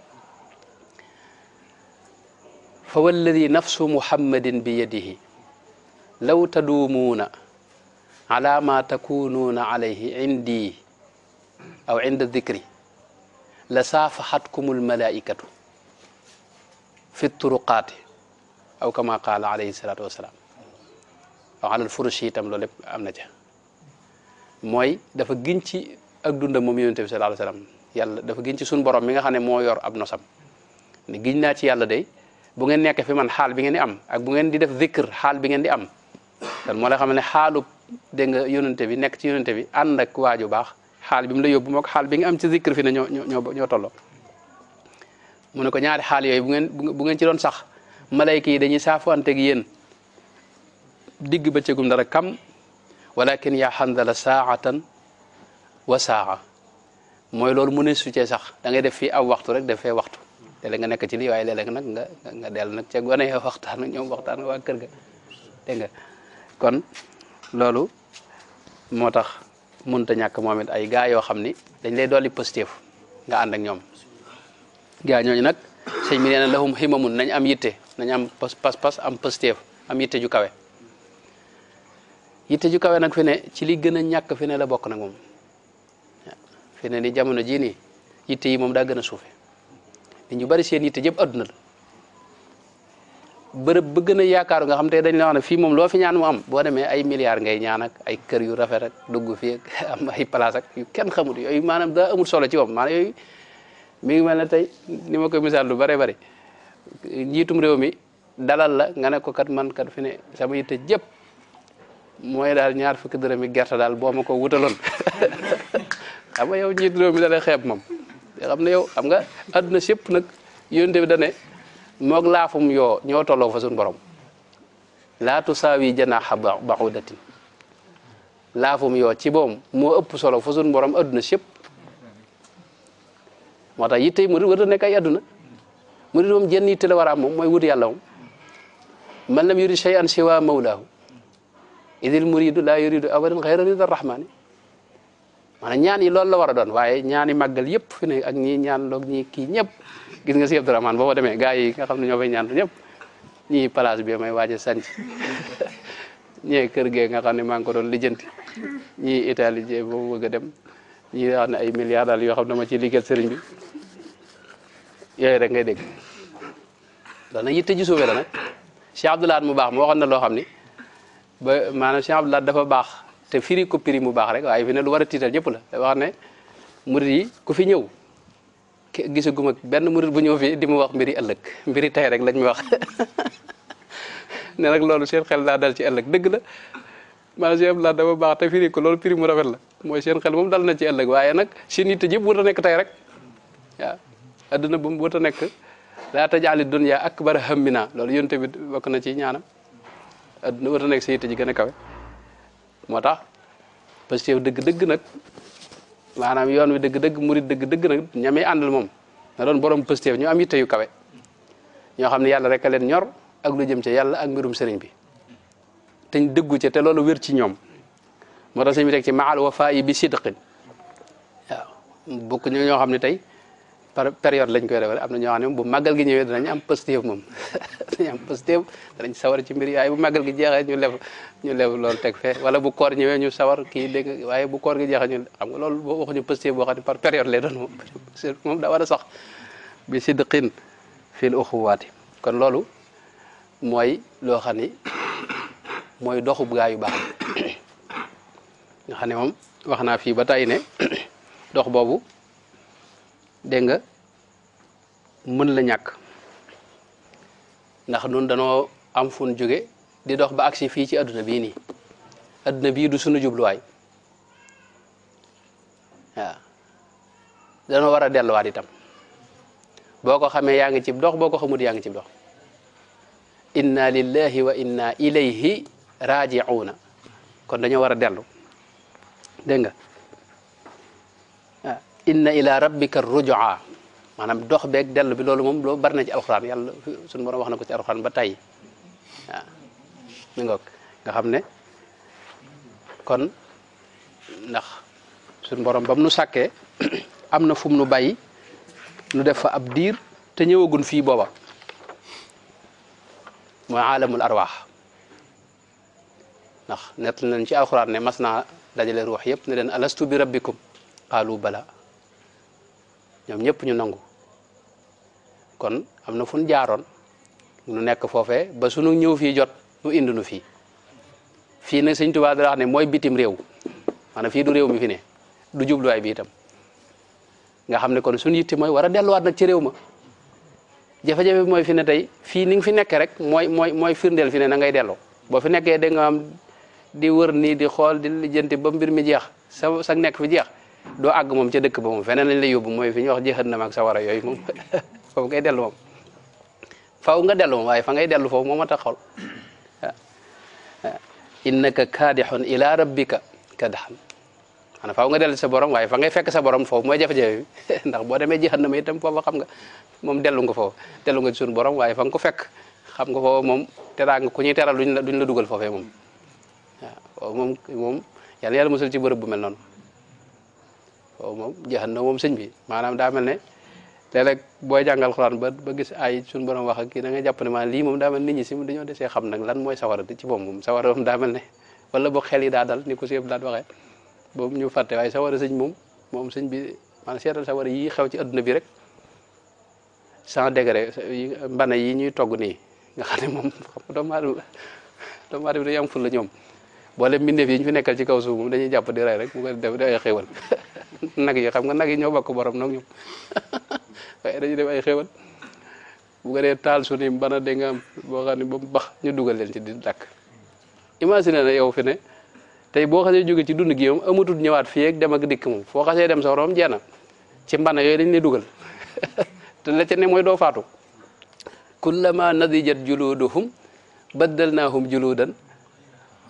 fa walladi nafsu muhammadin bi yadihi law taduumuuna ala ma takunuuna alayhi indi aw inda dikri لسافحتكم الملائكة في الطرقات أو كما قال عليه الصلاة والسلام أو على الفرش itam loolu lépp am na ca mooy dafa gën ci ak dundam moom yonent bi sallallahu alayhi wasallam yàlla dafa gën ci suñu borom mi nga xam ne moo yor ab nosam ni giñ naa ci yàlla day bu ngeen nekk fi man xaal bi ngeen di am ak bu ngeen di def zikr xaal bi ngeen di am dan moo lay xam ne xaalub dégg nga yonente bi nekk ci yonente bi ànd ak waaju baax xaal bi la yóbbu moog xaal bi nga am ci zikr fi ne ñoo ñoo tolloo mu ne ko ñaari xaal yooyu bu ngeen ngeen ci doon sax malay kii dañuy saafuwanteeg yéen digg ba bëccëgum dara kam wala walakin yaa xandala saatan wa saaxa mooy loolu mu ne su sax dangay def fii aw waxtu rek def fee waxtu léeg-léeg nga nekk ci lii waaye léeg nag nga nga dellu nag ceeg gone waxtaan ak ñoom waxtaan waa kër ga dégg nga kon loolu moo tax mënut a ñàkk moom ay gaa yoo xam ni dañ lay dooli positif nga ànd ak ñoom gaa ñooñu nag sëñ bi nee na lahum himamun nañ am yitte nañ am pas-pas am positif am yitte ju kawe yitte ju kawe nag fi ne ci li gën a ñàkk fi ne la bokk nag moom fi ne ni jamono jii nii yitte yi moom daa gën a suufe nit ñu seen yitte jëpp àdduna la bërëb ba gën a yaakaaru nga xam te dañ la wax ne fii moom loo fi ñaan mu am boo demee ay milliards ngay ñaan ak ay kër yu rafet ak dugg fii ak [laughs] am ay place yu kenn xamut yooyu maanaam daa amul solo ci moom maanaam mi ngi mel ne tey ni ma koy misaal lu bare bari njiitum réew mi dalal la nga ne ko kat man kat fi ne sama yitte jëpp mooy daal ñaar fukki dërëm yi gerte daal boo ma ko wutaloon [laughs] xam nga yow njiitu réew mi da lay xeeb xam ne yow xam nga àdduna sépp nag yónte bi da ne moog laafum yoo ñoo tolloo fa suñu borom laa tusaawi janaaxa baxudatin laafum yoo ci boom moo ëpp solo fa suñu borom adduna sépp moo tax yitte murid war a nekk ay la war a am moom mooy wut yàlla moom man lam yurid shay'an siwa mawlaahu idil muridu laa yuridu abadan xayra rida rahmaani maanaam ñaan yi loolu la war a doon waaye ñaani màggal yëpp fi ne ak ñii ñaan loog ñii kii ñëpp gis nga si Abdourahmane boo fa demee gars yi nga xam ne ñoo fay ñaan ñëpp ñii place bi may waaj a [laughs] kër gee nga ne maa ngi ko doon lijjanti ñii Italie jee boobu a dem ay milliards daal yoo xam ne ma ciy liggéeyal sëriñ bi rek ngay dégg loolu nag yitte ji suufee la mu baax mu waxoon na loo xam ni ba maanaam Cheikh dafa baax te firi ko piri mu baax rek waaye fi ne lu war a tiital ñëpp la wax ne murid yi ku fi ñëw gisaguma benn murit bu ñëw fii di mu wax mbiri ëllëg mbiri tey rek lañ mu wax [laughs] ne nag loolu seen xel daa dal ci ëllëg dëgg la maanaam la dafa baax te firi ko loolu firi mu rafet la mooy seen xel moom dal na ci ëllëg waaye nag seen yitte yëpp war a nekk tey rek waaw adduna bu mu war a nekk laa tajaali dunya akbara hammina loolu yonent bi bokk na ci ñaanam adduna war a nekk sa yitte ji gën a moo tax parce dëgg-dëgg nag maanaam yoon wi dëgg-dëgg murit dëgg-dëgg nag ñamee àndal moom na doon borom pësteef ñu am yitte yu kawe ñoo xam ne yàlla rek a leen ñor ak lu jëm ca yàlla ak mbirum sëriñ bi te dëggu ca te loolu wér ci ñoom moo tax sëñ bi teg ci maal wafaa yi bi sidqin waaw bokk ñu ñoo xam ne tey période lañ koy defal amna na ñoo xam bu magal gi ñëwee danañ am positif mom [laughs] danañ am positif danañ sawar ci mbir yaay bu magal gi jeexee ñu lew ñu lew lool tek fee wala bu koor ñëwee ñu sawar ki dégg waye bu koor gi jeexee ñu xam nga lool bo waxu ñu positif bo xam par période lay doon mom [laughs] da wara sax bi sidqin fil ukhuwat kon loolu moy lo xam moy doxu doxub gaa yu baax [coughs] nga xam mom waxna fi batay fii ne [coughs] dox bobu dégg nga mën la ñàkk ndax nun danoo am fun jóge di dox ba agsi fii ci adduna bii nii adduna bii du sunu jubluwaay waaw danoo war a delluwaat itam boo ko xamee yaa ngi cib dox boo ko xamut yaa ngi cib dox inna lillahi wa inna ilayhi raaji'uuna kon dañoo war a dellu dégg nga inna ila rabbika ruj'a manam dox bek delu bi lolou mom lo barna ci alquran yalla sun borom wax na ko ci alquran ba tay ngok nga xamne kon ndax sun borom bam nu sakke [clears throat] amna fum nu bayyi nu def fa ab dir te ñewagun fi boba moy alamul arwah ndax netal nañ ci alquran ne masna dajale ruh yep ne len alastu bi rabbikum qalu bala ñoom ñëpp ñu nangu kon am na fu jaaroon nu nekk foofe ba sunu ñëw fii jot nu indi nu fii fii nag sëñ Tuubaa dara wax ne mooy bitim réew maanaam fii du réew mi fi ne du jubluwaay bi itam nga xam ne kon suñu yitti mooy war a delluwaat nag ci réew ma jafe-jafe mooy fi ne tey fii ni nga fi nekkee rek mooy mooy mooy firndeel fi ne na ngay delloo boo fi nekkee da am di wër nii di xool di lijjanti ba mbir mi jeex sa sa nekk fi jeex do ag mom ci dekk bo mom fenen lañ lay yobbu moy fiñ wax jeexal na mak sawara yoy mom [laughs] foofu ngay delu mom faaw nga delu moom waaye fa ngay delu fofu moma taxol innaka kadihun ila rabbika kadhan ana faaw nga delu sa borom way fa ngay fekk sa borom fofu moy jafé jé [laughs] ndax bo démé jeexal na may tam fofu xam nga mom delu nga fofu delu nga ci suñu borom way fa nga ko fekk xam nga fofu mom teraa nga ku ñi teral duñ la duñ la duggal fofé mom waaw mom moom yalla yàlla ci bërepp bu mel non mom jahannam mom señ bi manam da melne lelek boy jangal quran ba ba gis ay sun borom wax ak ki da nga japp ne ma li mom da mel nit ñi ci dañu dessé xam nak lan moy sawara ci bom mom sawara mom da melne wala bo xel yi da dal ni ko sepp daat waxe bom ñu fatte way sawara señ mom mom señ bi man setal sawara yi xew ci aduna bi rek sans degré mbana yi ñuy togg ni nga xamne mom xam [laughs] do ma do ma do yam ful la ñom boole mbindeef yi ñu fi nekkal ci kaw suuf moom dañuy jàpp di rey rek mu ko def di ay [laughs] [laughs] nag yi xam nga nag yi ñoo bokk borom nag ñoom [laughs] waaye dañuy def ay xéwal bu ko dee taal suñuy mbana de am boo xam ne ba mu bax ñu dugal leen ci di dakk imagine na yow fi ne tey boo xasee jóge ci dund gi moom amatul ñëwaat fii ak dem ak dikk moom foo xasee dem sa room jeena ci mbana yooy dañ lay dugal [laughs] te la ca ne mooy doo faatu kullama nadijat juluduhum baddalnaahum juludan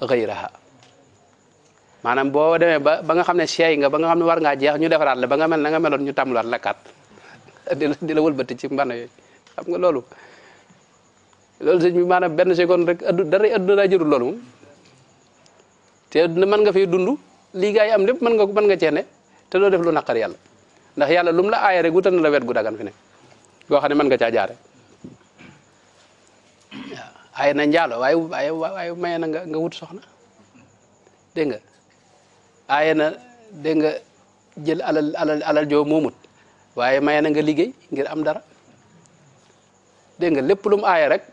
xayraha manam bo demé ba ba nga xamné sey nga ba nga xamné war nga jeex ñu défarat la ba nga mel nga melon ñu tamluat la kat di la wëlbeuti ci mbana yoy xam nga lolu lolu señ bi manam ben seconde rek addu dara addu la jëru lolu té man nga fi dundu li gay am lepp man nga ko man nga ci né té do def lu nakar yalla ndax yalla lum la ayé rek wutal la wét gu dagan fi né go xamné man nga ca jaaré ayé na njaalo way way may na nga nga wut soxna dénga aaye na dégg nga jël alal alal alal joo waaye maye na nga liggéey ngir am dara dégg nga lépp lu mu aaye rek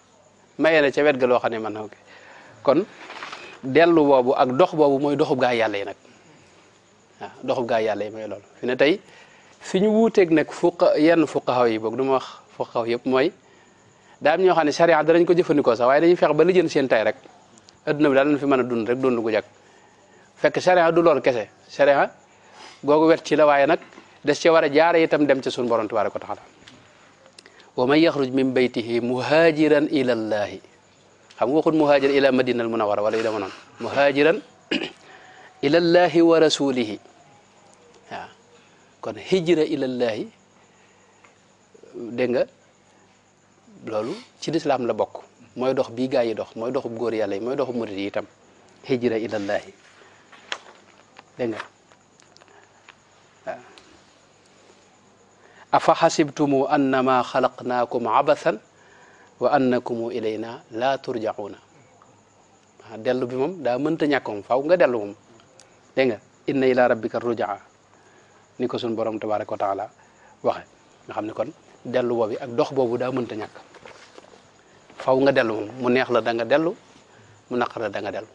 [coughs] maye na ca wet ga loo xam ne man ok kon dellu boobu ak dox boobu mooy doxub gaa yàlla yi nag waaw doxub gaa yàlla yi mooy loolu fi ne tey fi ñu wuuteeg nag fuq yenn fuqahaw yi boog du ma wax fuqahaw yëpp mooy daam ñoo xam ne charia danañ ko jëfandikoo sax waaye dañuy fex ba lijjën seen tay rek adduna bi daal lañ fi mën a dund rek dund gu jag fekk sharia du loolu kese sharia googu wet ci la waaye nag des ca war a jaare itam dem ca suñu borom tabaraka wa taala wa man yaxruj min baytihi muhajiran ila llaahi xam nga waxul muhajir ila madina al munawara wala yu dama noonu muhajiran [coughs] ila llaahi wa rasulihi kon hijra ila llaahi dégg nga loolu ci lislaam la bokk mooy dox bii gaa yi dox mooy doxub góor yàlla yi mooy doxub murid yi itam hijra ila dengar ah. afa xasibtumu annama khalaqnakum abathan wa annakum ilayna la turjauna ah dellu bi mom da mënta ñakkom faaw nga delu mom de nga inna ila rabbika rujaa ni ko sun borom tabaarak wa taala waxe nga xam kon delu boobu ak dox bobu da mënta ñàkk faaw nga delu mom mu neex la da nga delu mu naqar da nga delu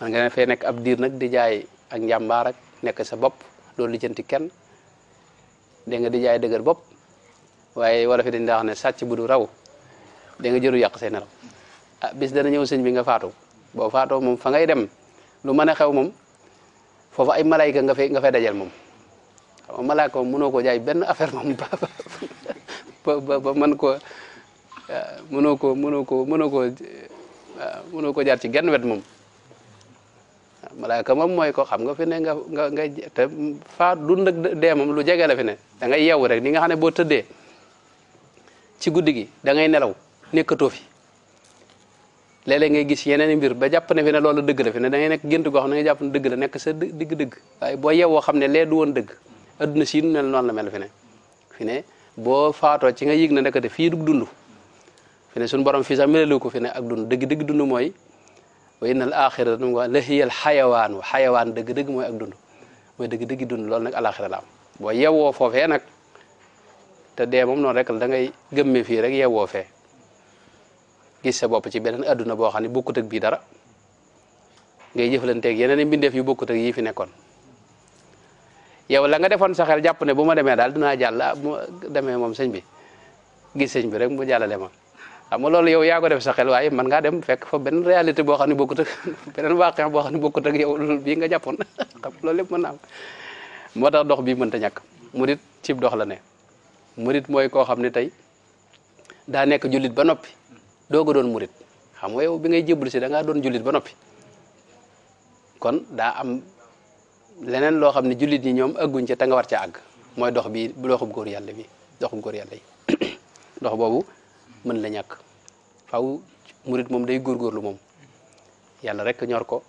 man nga fe nek ab dir nak di jaay ak njàmbaar ak nekk sa bopp doo lijjanti kenn da nga di jaay dëgër bopp waaye wala fi dañ daa ne sàcc bu raw da nga jëru yàq seen raw ah bis dana ñëw sëñ bi nga faatu boo faatoo moom fa ngay dem lu mën a xew moom foofu ay malaayka nga fay nga fay dajal moom xam nga malaayka moom mënoo koo jaay benn affaire moom [laughs] ba ba ba mën ko ah, mënoo ko mënoo ko mënoo ko ah, mënoo ko jaar ci genn wet moom malaaka moom mooy ko xam nga fi nga nga nga te faa dund ak lu jege ne da ngay rek ni nga xam ne boo tëddee ci guddi gi da ngay nelaw nekkatoo fi léeg-léeg ngay gis yeneen i mbir ba jàpp ne fi lool loolu dëgg la ne da ngay nekk gént goo xam ne nga jàpp ne dëgg la nekk sa digg-dëgg waaye boo yeewoo xam ne lee du woon dëgg adduna si mel noonu la mel fi ne boo faatoo ci nga yëg na ndekete fii du dund fi ne suñu borom fii sax melalu ko fi ak dund dëgg-dëgg dund mooy wa innal akhirata dum wa lahiyal hayawan hayawan deug deug moy ak dund moy deug deug dund lol nak al akhirah la bo yewo fofé nak te dé mom non rek da ngay gëmmé fi rek yeewoo fé gis sa bop ci benen aduna bo xam bokut ak bi dara ngay ak yeneen mbindef yu bokut ak yi fi nekkon yow la nga defon sa xel japp ne buma démé dal dina jalla bu demee moom bi gis señ bi rek mu jàllale mom xam nga loolu yow yaa ko def sa xel waaye mën ngaa dem fekk fa benn réalité boo xam ne bokkut ak [laughs] beneen waaqe boo xam ne bokkut ak yow loolu bii nga jàppoon [laughs] xam loolu lépp mën a moo tax dox bii mënta ñàkk murit cib dox la ne murit mooy koo xam ne tey daa nekk julit ba noppi doog a doon murit xam nga yow bi ngay jébbalu si da doon jullit ba noppi kon daa am leneen loo xam ne jullit ñi ñoom ëgguñ ca te nga war ca àgg mooy dox bi doxum góor yàlla bi doxum góor yàlla yi [coughs] dox boobu mën la ñàkk faw murit moom day góorgóorlu moom yàlla rek ñor ko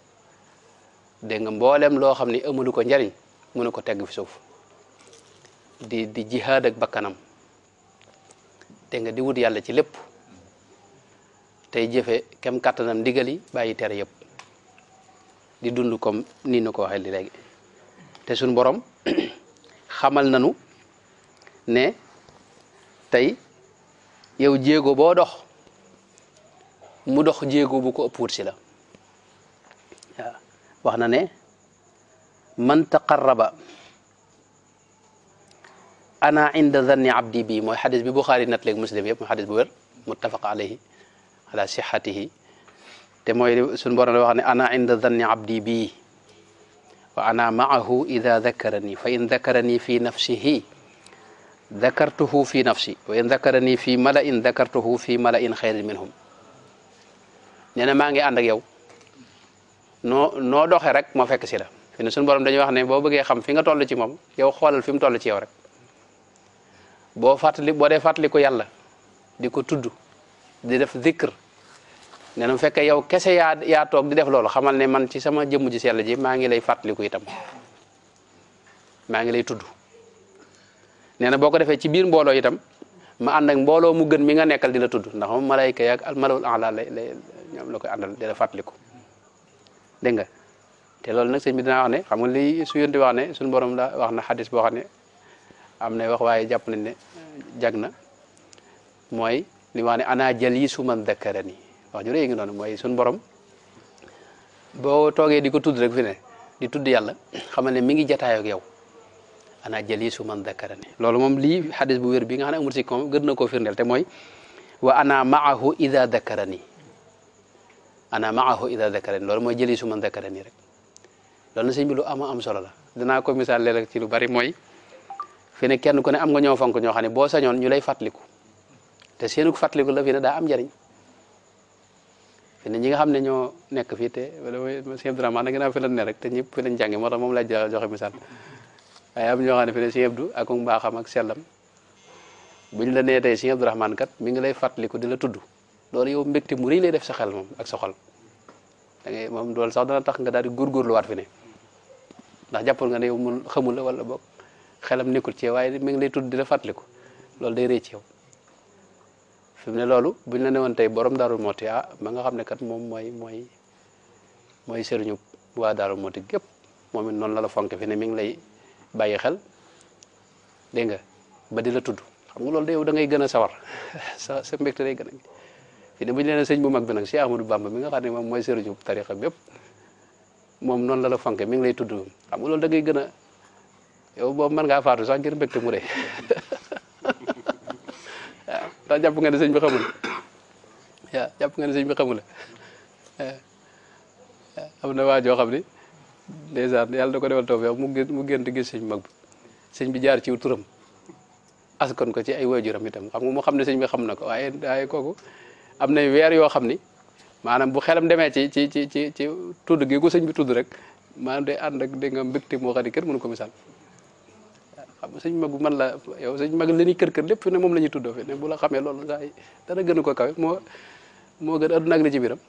dégg nga mboolem loo xam ne amalu ko njariñ mënu ko tegg fi di di jihaad bakkanam dégg nga di wut yàlla ci lépp tey jëfe kem kàttanam ndigal yi tere yëpp di dund comme nii nu ko waxee li léegi te suñ borom [clears throat] xamal nanu ne tey yow jéego boo dox mu dox jéego bu ko ëpp wut si la waaw wax na ne man taqarraba ana inda zanni abdi bi mooy xadis bi buxaari nat léegi muslim yëpp mooy xadis bu wér muttafaqa alayhi ala sixatihi te mooy suñu borom wax ne ana inda zanni abdi bi wa ana maahu ida dakarani fa in dakarani fi nafsihi dakartuhu fi nafsi wa in dakarani fi mala in dakartuhu fi mala in xayrin minhum nee maa ngi ànd ak yow noo noo doxee rek moo fekk si la fi ne suñu borom dañuy wax ne boo bëggee xam fi nga toll ci moom yow xoolal fi mu toll ci yow rek boo fàttali boo dee fàttali ko yàlla di ko tudd di def zikr nee na mu yow kese yaa yaa toog di def loolu xamal ne man ci sama jëmm ji sell ji maa ngi lay fàttaliku itam maa ngi lay tudd nee na boo ko defee ci biir mbooloo itam ma ànd ak mbooloo mu gën mi nga nekkal di la tudd ndax moom malayka yaag al malawul ala lay lay ñoom la koy àndal di la fàttaliku dégg nga te loolu nag sëñ bi dinaa wax ne xam nga li su yonti wax ne suñu borom la wax na xadis boo xam ne am na wax waaye jàpp nañ ne jag na mooy li wax ne ana jaliisu man dakkarani wax ju rëy ngi noonu mooy suñu borom boo toogee di ko tudd rek fi ne di tudd yàlla xamal ne mi ngi jataayoo yow ana jalisu man dakarani loolu moom lii xadis bu wér bi nga xam ne amul si koom gën na koo firndeel te mooy wa ana maahu ida dakarani ana maahu ida dakarani loolu mooy jalisu suman dakarani rek loolu na sëñ bi lu ama am solo la danaa ko misaal léeg ci lu bari mooy fi kenn ku ne am nga ñëw fonk ñoo xam ne boo sañoon ñu lay fàttaliku te seenu fàttaliku la fi ne daa am njariñ fi ñi nga xam ne ñoo nekk fii te wala monsieur Abdourahmane da nga naa fi lan ne rek te ñëpp ay am ñoo xam ne fi ne sëñ Abdou ak mbaaxam ak sellam buñ la nee tey sëñ Abdou Rahman kat mi ngi lay fàttaliku di la tudd loolu yow mbégte mu rëy lay def sa xel moom ak sa xol da ngay moom loolu sax dana tax nga daal di góorgóorluwaat fi ne ndax jàppoon nga ne yow mun xamul la wala boog xelam nekkul ci waaye mi ngi lay tudd di la fàttaliku loolu day rëy ci yow fi mu ne loolu buñ la newoon tey borom daarul moti ah ma nga xam ne kat moom mooy mooy mooy sëriñu waa daarul moti gépp moom it noonu la la fonk fi ne mi ngi lay baye xel de nga ba dila tudd xam nga loolu de yow da ngay gëna sawar [laughs] sa sa mbégte day gëna fi ne bu ñu leen sëñ bu mag bi nak Cheikh amadou Bamba mi nga xam mom moy serigne sëriñu tarixa bépp moom noonu la la fonke mi ngi lay tudd xam nga loolu da ngay gëna yow bo man nga faatu sax ngir mbekté mu rey da japp nga ne sëñ bi xamul ya japp nga ne sëñ bi xamul eh amna wa jo xamni dèjà yàlla da ko defal tawfi mu gën mu gën di gis sëñ mag bi bi jaar ci turam askan ko ci ay wajuram itam xam nga mu xamne señ bi xam nako ko waaye koku amna am na xamni manam bu xelam démé ci ci ci ci ci tudd gi ko señ bi tudd rek manam day and ak de nga mbekté mo xadi kër mënu ko misal xam nga señ mag man la yow señ mag la ñuy kër kër lepp fi ne mom la tuddo fi ne bu la xamé loolu saa dara gënu ko kawé mo mo gën aduna ak li ci biram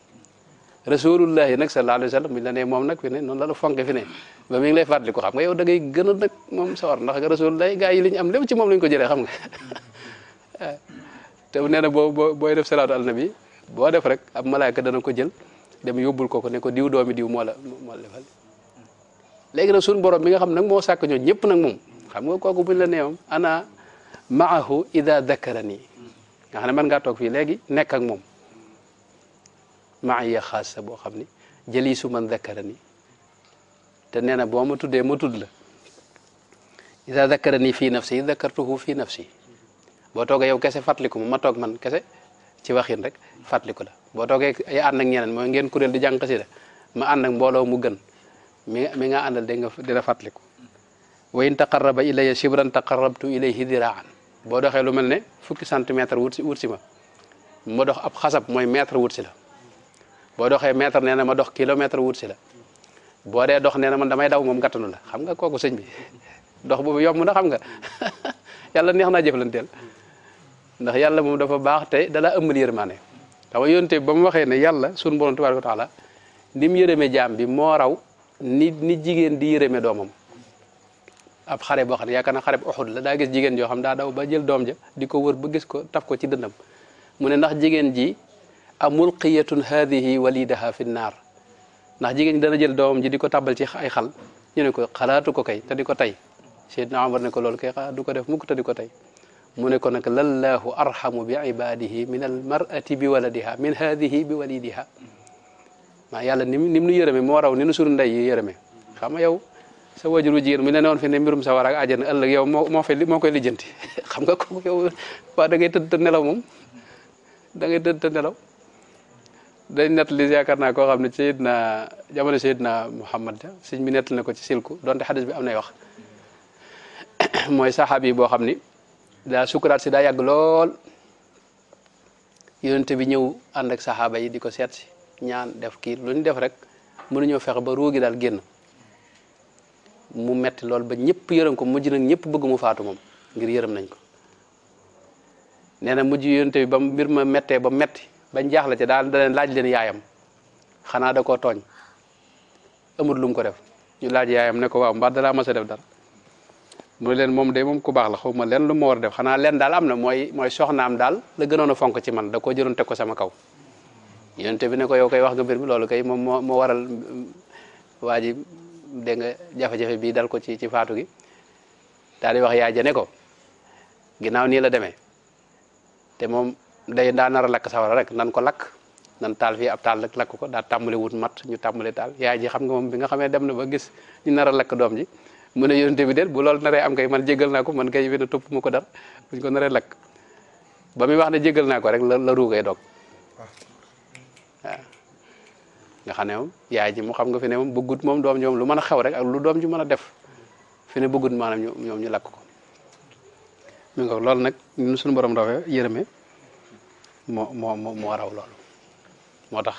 rasulullahi nag sallallahu alayhi wa sallam la nee moom nag fi ne noonu la la fonke fi ne ba mi ngi lay fàttali ko xam nga yow da ngay gën a nag moom sawar ndax nga rasulullahi gaa yi li ñu am lépp ci ko jëlee xam nga [laughs] te nee boo boo booy def salaatu ala nabi boo def rek ab malaayka dana ko jël dem yóbbul ko ko ne ko diw doomi diw moo la moo la defal nag suñu borom bi nga xam nag moo sàkk ñoo ñëpp nag moom xam nga kooku buñ la neewam ana maahu ida dakara nii nga xam ne man ngaa toog fii léegi nekk ak moom maaya xaasa boo xam ni jëli su man dakara ni te nee na boo ma tuddee ma tudd la ida dakara ni fii nafsi dakartuhu fii nafsi boo toogee yow kese fàttaliku ma ma toog man kese ci waxin rek fàttaliku la boo toogee ay ya ànd ak ñeneen mooy ngeen kuréel di jàng xasida ma ànd ak mbooloo mu gën mi mi nga àndal de nga dina fàttaliku wa in taqarraba ilayya shibran taqarrabtu ilayhi dhira'an boo doxee lu mel ne fukki centimètre wut si wut ma ma dox ab xasab mooy mètre wut la boo doxee mètre nee na ma dox kilomètre wut si la boo dee dox nee na man damay daw moom gàttanu la xam nga kooku sëñ bi [laughs] dox boobu yomb na xam nga [laughs] yàlla neex naa jëflanteel ndax yàlla moom dafa baax te dala ëmmal yërmaane xam nga yonte ba mu waxee ne yàlla sunu borom tabaaraka wa taala ni mu yërëme jaam bi moo raw ni ni jigéen di yërëme doomam ab xare boo xam ne yaakaar naa xare la daa gis jigéen joo xam daa daw ba jël doom ja di ko wër ba gis ko taf ko ci dëndam amulqiyatun haadihi walidaha fi naar ndax jigéen dana jël doom ji di ko tàbbal ci ay xal ñu ne ko xalaatu ko kay te di ko tey Seydina Omar ne ko loolu kay du ko def mukk te di ko tey mu ne ko nag lallaahu arhamu bi ibadihi min al marati bi waladiha min haadihi bi walidiha maa yàlla ni ni mu nu yërëme moo raw ni nu sunu ndey yi yërëme xam nga yow sa wajuru jigéen mu ne newoon fi ne mbirum sa war ak àjjana ëllëg yow moo moo fay moo koy lijjanti [laughs] xam ko kooku yow wa da ngay tëdd nelaw moom da ngay tëdd te dañ nettali yaakaar naa ko xam ne sayidna jamono sayidna Muhammad ja sëñ bi nettali na ko ci silku donte xadis bi am nay wax [coughs] mooy saxaab yi boo xam ni daa sukuraat si daa yàgg lool yonent bi ñëw ànd ak saxaaba yi di ko seet si ñaan def kii lu ñu def rek mënuñoo fexe ba roogi daal génn mu metti lool ba ñëpp yërëm ko mujj nag ñëpp bëgg faatu moom ngir yërëm nañ ko nee na mujj yonent bi ba mbir ma mettee ba metti bañ jaaxle ci daal da laaj leen yaayam xanaa da koo tooñ amul lum ko def ñu laaj yaayam ne ko waaw mbaa dalaa mas a def dara mu leen moom de moom ku baax la xaw ma leen lu ma war a def xanaa leen daal am na mooy mooy soxnaam daal la gënoon a fonk ci man da koo jëloon teg ko sama kaw yonente bi ne ko yow koy wax nga mbir mi loolu kay moom moo moo waral mm, waa ji nga jafe-jafe bii dal ko ci ci faatu gi daal wax yaay ja ne ko ginnaaw nii la demee te moom day daa nar a lakk sawara rek nan ko lakk nan taal fii ab taal rek lakk ko daa tàmbale wut mat ñu tàmbale taal yaay ji xam nga moom bi nga xamee dem na ba gis ñu nar lakk doom ji mu ne yonent bi déet bu loolu naree am man jégal naa ko man kay yéen a topp ma ko dara buñ ko naree lakk ba muy wax ne jégal naa ko rek la la ruugay dog waaw moom yaay ji mu xam nga fi ne moom doom ji lu mën a xew rek ak lu doom ji mën a def fi ne bëggut maanaam ñoom ñu lakk ko mi nga loolu nag ñun suñu borom dafa yërëme moo moo moo raw loolu moo tax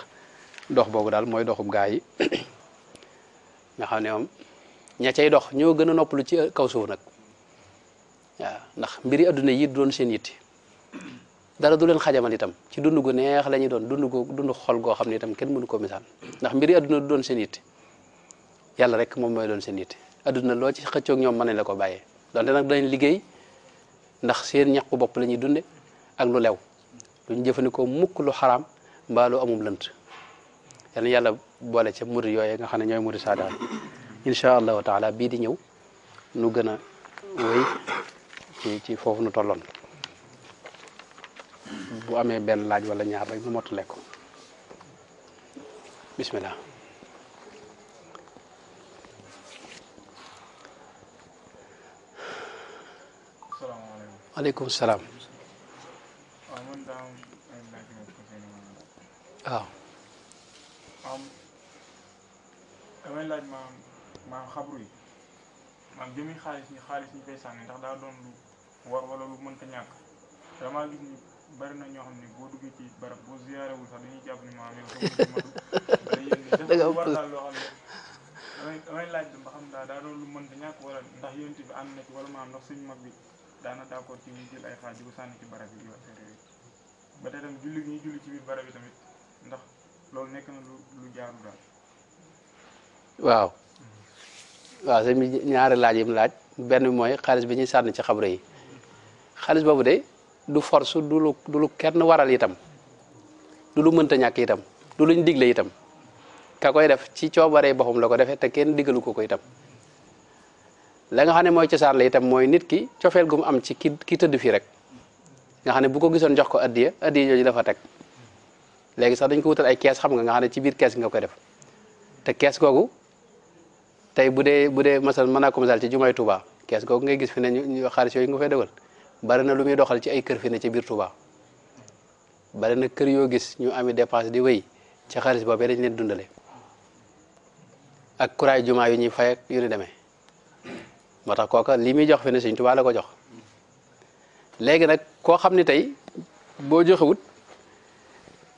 dox boobu daal mooy doxub gaa yi [coughs] nga xam ne moom ña cay dox ñoo gën a noppalu ci kaw suuf nag waaw ndax mbiri adduna yi doon seen yitti dara du leen xajamal itam ci dund gu neex la ñuy doon dund gu dund xol goo xam ne itam kenn mënu koo misaal ndax mbiri adduna du doon seen yitti yàlla rek moom mooy doon seen yitti adduna loo ci xëccoog ñoom mën nañ la ko bàyyee donte nag danañ liggéey ndax seen ñaqu bopp lañuy dunde ak lu lew duñ jëfëndiko mukk lu haram mbaa lu amum lënt yalla yalla boole ca muri yooye nga xam ne ñooy muri saadaal insha allahu taala bii di ñëw nu gën a wéy ci ci foofu nu tolloon bu amee benn laaj wala ñaar rek nu mottale ko bismillah aleykum salaam waaw. maam damay laaj maam maam xabru yi maam jëmi xaalis ñi xaalis ñi koy sànni ndax daa doon lu war wala lu mënta ñàkk vraiment gis na ñoo xam ne boo duggee ci barab boo ziyaarewul sax dañuy jàpp ni maam [laughs] loo xam ne damay damay laaj ba xam daa daa doon lu mënta ñàkk wala ndax yonent bi ànd na ci wala maam ndax suñu mag bi daana d'accord ci ñu jël ay xaalis di sànni ci barab yi yow ba tey tamit julli gi ñuy julli ci biir barab yi tamit loolu nekk waaw. waaw sëñ bi ñaari laaj yi laaj benn bi mooy xaalis bi ñuy sànni ci xabru yi xaalis boobu de du force du lu du lu kenn waral itam du lu mënta ñàkk itam du luñ digle itam ka koy def ci coobaree boppam la ko defee te kenn diggalu ko ko itam la nga xam ne mooy cosaan la itam mooy nit ki cofeel gu mu am ci ki ki tëdd fii rek nga xam ne bu ko gisoon jox ko addiya addiya jooju dafa teg léegi sax dañ ko wutal ay kees xam nga nga xam ne ci biir kees nga koy def te kees googu tey bu dee bu dee masal mën naa ko misaal ci jumaay Touba kees googu ngay gis fi ne ñu xaalis yooyu nga fay dëgal bari na lu muy doxal ci ay kër fi ci biir bari na kër yoo gis ñu ami dépense di wéy ci xaalis boobee dañ leen dundale ak kuraay jumaa yu ñuy fay ak yu ni demee moo tax kooka li muy jox fi ne Sëñ Tuubaa la ko jox léegi nag koo xam ne tey boo joxewut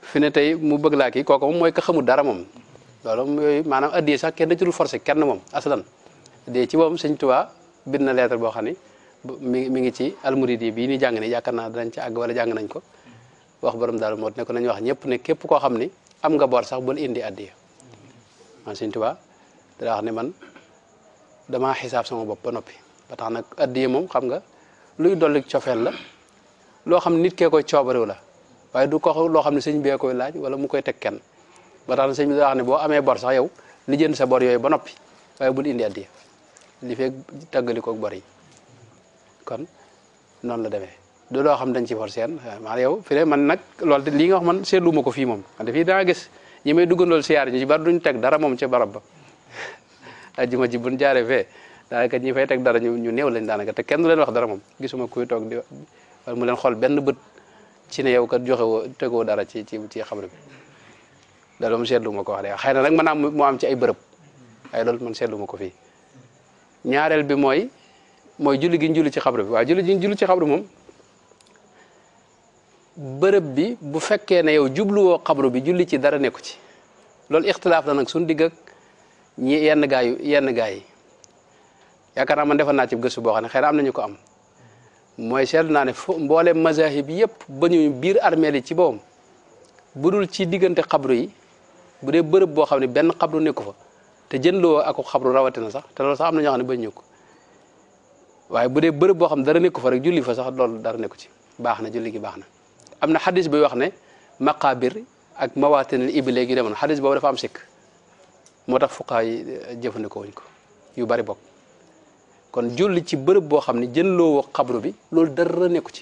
fi ne tey mu bëgg laa kii kooku moom mooy ka xamul dara moom loolu moom yooyu maanaam addiyee sax kenn da ci forcé kenn moom asalan addiyee ci moom sëñ Tuubaa bind na lettre boo xam ne mi mi ngi ci almurid yi bii ñu jàng yaakaar naa danañ ci àgg wala jàng nañ ko wax borom daal moo ne ko nañu wax ñëpp ne képp koo xam ni am nga bor sax bul indi addiya man sëñ Tuubaa dara wax ne man damaa xisaab sama bopp ba noppi ba tax nag addiya moom xam nga luy dolli cofeel la loo xam nit kee koy coobarew la waaye du ko loo xam ne sëñ bee koy laaj wala mu koy teg kenn ba tax na sëñ bi daa ne boo amee bor sax yow li jënd sa bor yooyu ba noppi waaye bul indi addiya li feeg tàggali koog bor yi kon noonu la demee du loo xam dañ ci for seen maanaam yow fi ne man nag loolu lii nga wax man seetlu ma ko fii moom dafii daa gis ñi may duggandool siyaar ñu ci bari duñ teg dara moom ca barab ba [laughs] ajjuma ji buñ jaaree fee daanaka ñi fay teg dara ñu néew lañ daanaka te kenn leen wax dara moom gisuma kuy toog di mu leen xool benn bët ci ne yow kat joxe woo tegoo dara ci ci ci xabar bi loolu moom lu ma ko wax de xëy na nag mën naa mu am ci ay bërëb ay loolu man seetlu ma ko fii ñaareel bi mooy mooy julli gi njulli ci xabar bi waa julli gi ñu julli ci xabar moom bërëb bi bu fekkee ne yow woo xabru bi julli ci dara nekku ci loolu ixtilaaf la nag suñu digg ak yenn gaa yu yenn gaa yi yaakaar naa man defal naa ci gëstu boo xam ne xëy na am nañu ko am mooy seetlu naa ne fo mboole mazahib yëpp ba ñu biir armeel yi ci boppam bu dul ci diggante xabru yi bu dee bërëb boo xam ne benn xabru nekku fa te jënd loo ak xabru rawatina sax te loolu sax am na ñoo xam ne bañ ñu ko waaye bu dee bërëb boo xam ne dara nekku fa rek julli fa sax loolu dara nekku ci baax na julli gi baax na am na xadis booy wax ne maqaabir ak mawaatinil ibile gi demoon xadis boobu dafa am sikk moo tax fuqaa yi jëfandikoo wuñ ko yu bari bokk kon julli ci bërëb boo xam ne jën loo wax xabru bi loolu dara nekku ci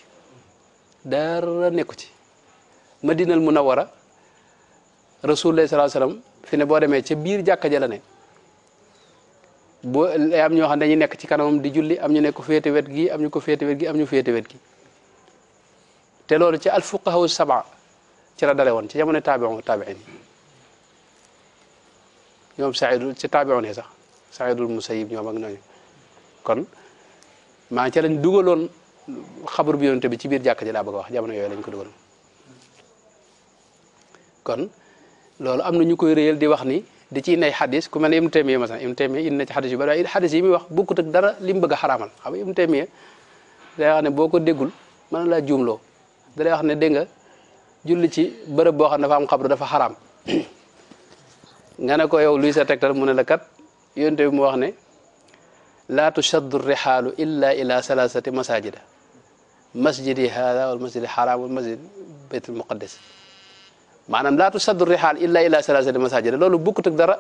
dara nekku ci madinal munawara rasulullah sallallahu alayhi wasallam fi ne boo demee ci biir jàkka ja la ne boo am ñoo xam ne dañuy nekk ci kanamam di julli am ñu nekk ko gi am ñu ko féete gi am ñu féete wet gi te loolu ci alfuqahaw saba ci la dale woon ci jamono taabion taabiin ñoom saidul ci taabion yi sax saidul musayib ñoom ak ñooñu kon maa ca lañ dugaloon xabaru bi yonent bi ci biir jàkka ji laa bëgg a wax jamono yooyu lañ ko dugal kon loolu am na ñu koy réyal di wax ni di ci inday xadis ku mel ne Ibnu Taymiya masan Ibnu Taymiya indi na ci xadis yu bari waaye xadis yi muy wax bokkut ak dara li mu bëgg a xaraamal xam nga Ibnu Taymiya day wax ne boo ko déggul mën na laa juumloo da lay wax ne dégg nga julli ci bërëb boo xam dafa am xabru dafa xaraam [clears throat] nga ne ko yow luy sa tegtal mu ne la kat yonent bi mu wax ne laa tushaddu rihaalu illa ila salaasati masajida masjidi hada wal masjidi xaraam wal masjid baytul muqaddas maanaam laa tushaddu rihaal illa ila salaasati masajida loolu bokkut ak dara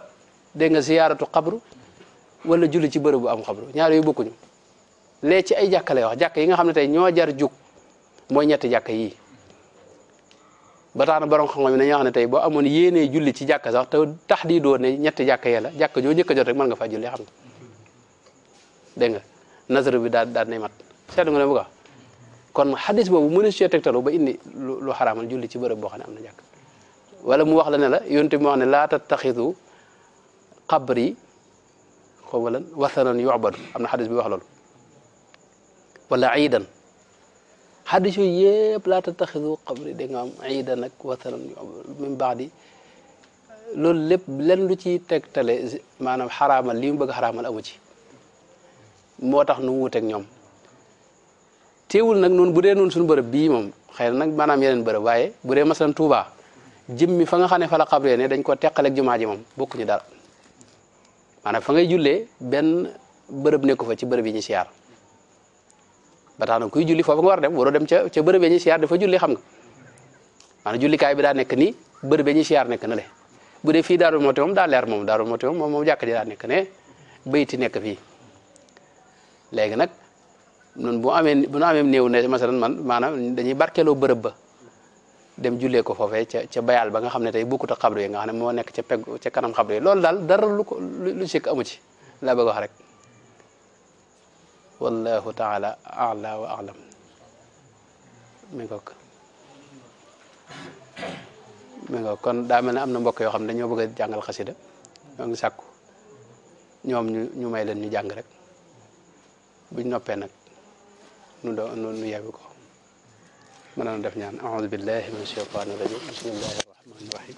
dégg nga ziyaaratu xabru wala julli ci bërëb bu am xabru ñaar yooyu bokkuñu lee ci ay jàkka lay wax yi nga xam ne tey ñoo jar jug mooy ñetti jàkk yi ba tax na borom xam-xam yi dañoo xam ne boo amoon yéenee julli ci jàkk sax te tax di doon ne ñetti jàkk ya la jàkk joo njëkk jot rek mën nga faa julli xam dégg nga nazar bi daal daal nay mat seetlu nga ne bu kon xadis boobu mënees cee tegtalu ba indi lu xaraamal julli ci bërëb boo xam ne am na jàkk wala mu wax la ne la yonent bi mu wax ne laa tattaxidu qabri xaw ma lan wasanan am na xadis bi wax loolu wala iidan xadis yooyu yëpp laa tattaxidu qabri da nga am iidan ak wasanan yu'badu min baadi loolu lépp lenn lu ci tegtale maanaam xaraamal li mu bëgg xaraamal amu ci moo tax nu mu wuuteeg ñoom teewul nag noonu bu dee noonu suñu bërëb bii moom xëy na nag maanaam yeneen bërëb waaye bu dee masalan Touba jëmmi fa nga xam ne fa la xabree ne dañ ko teqale jumaa ji moom bokkuñu dara maanaam fa ngay jullee benn bërëb nekku fa ci bërëb yi ñu siyaar ba kuy julli foofu nga war dem ca ca bërëb ñu siyaar dafa julli xam nga maanaam jullikaay bi daa nekk nii bërëb yi ñu siyaar nekk na le bu dee fii Daaru Mooti moom daa leer moom Daaru Mooti moom moom jàkk ji daa nekk ne bayti nekk fii léegi nag nun bu amee bu nu amee néew na masalan man maanaam dañuy barkeeloo bërëb ba dem julee ko foofee ca ca bayaal ba nga xam ne tey bukkut ak xabru nga xam ne moo nekk ca peg ca kanam xabru yi loolu daal dara lu ko lu sikk amu ci laa bëgg wax rek wallahu taala ala wa alam mi ngoog kon daa mel ne am na mbokk yoo xam ne dañoo bëgg a jàngal xasida ñoo ngi ñoom ñu ñu may leen ñu jàng rek buñ noppee nag nu doo nu yebbi ko mën na def ñaan aoudu billahi min shaytaani rajim bismillahi rahmaani rahim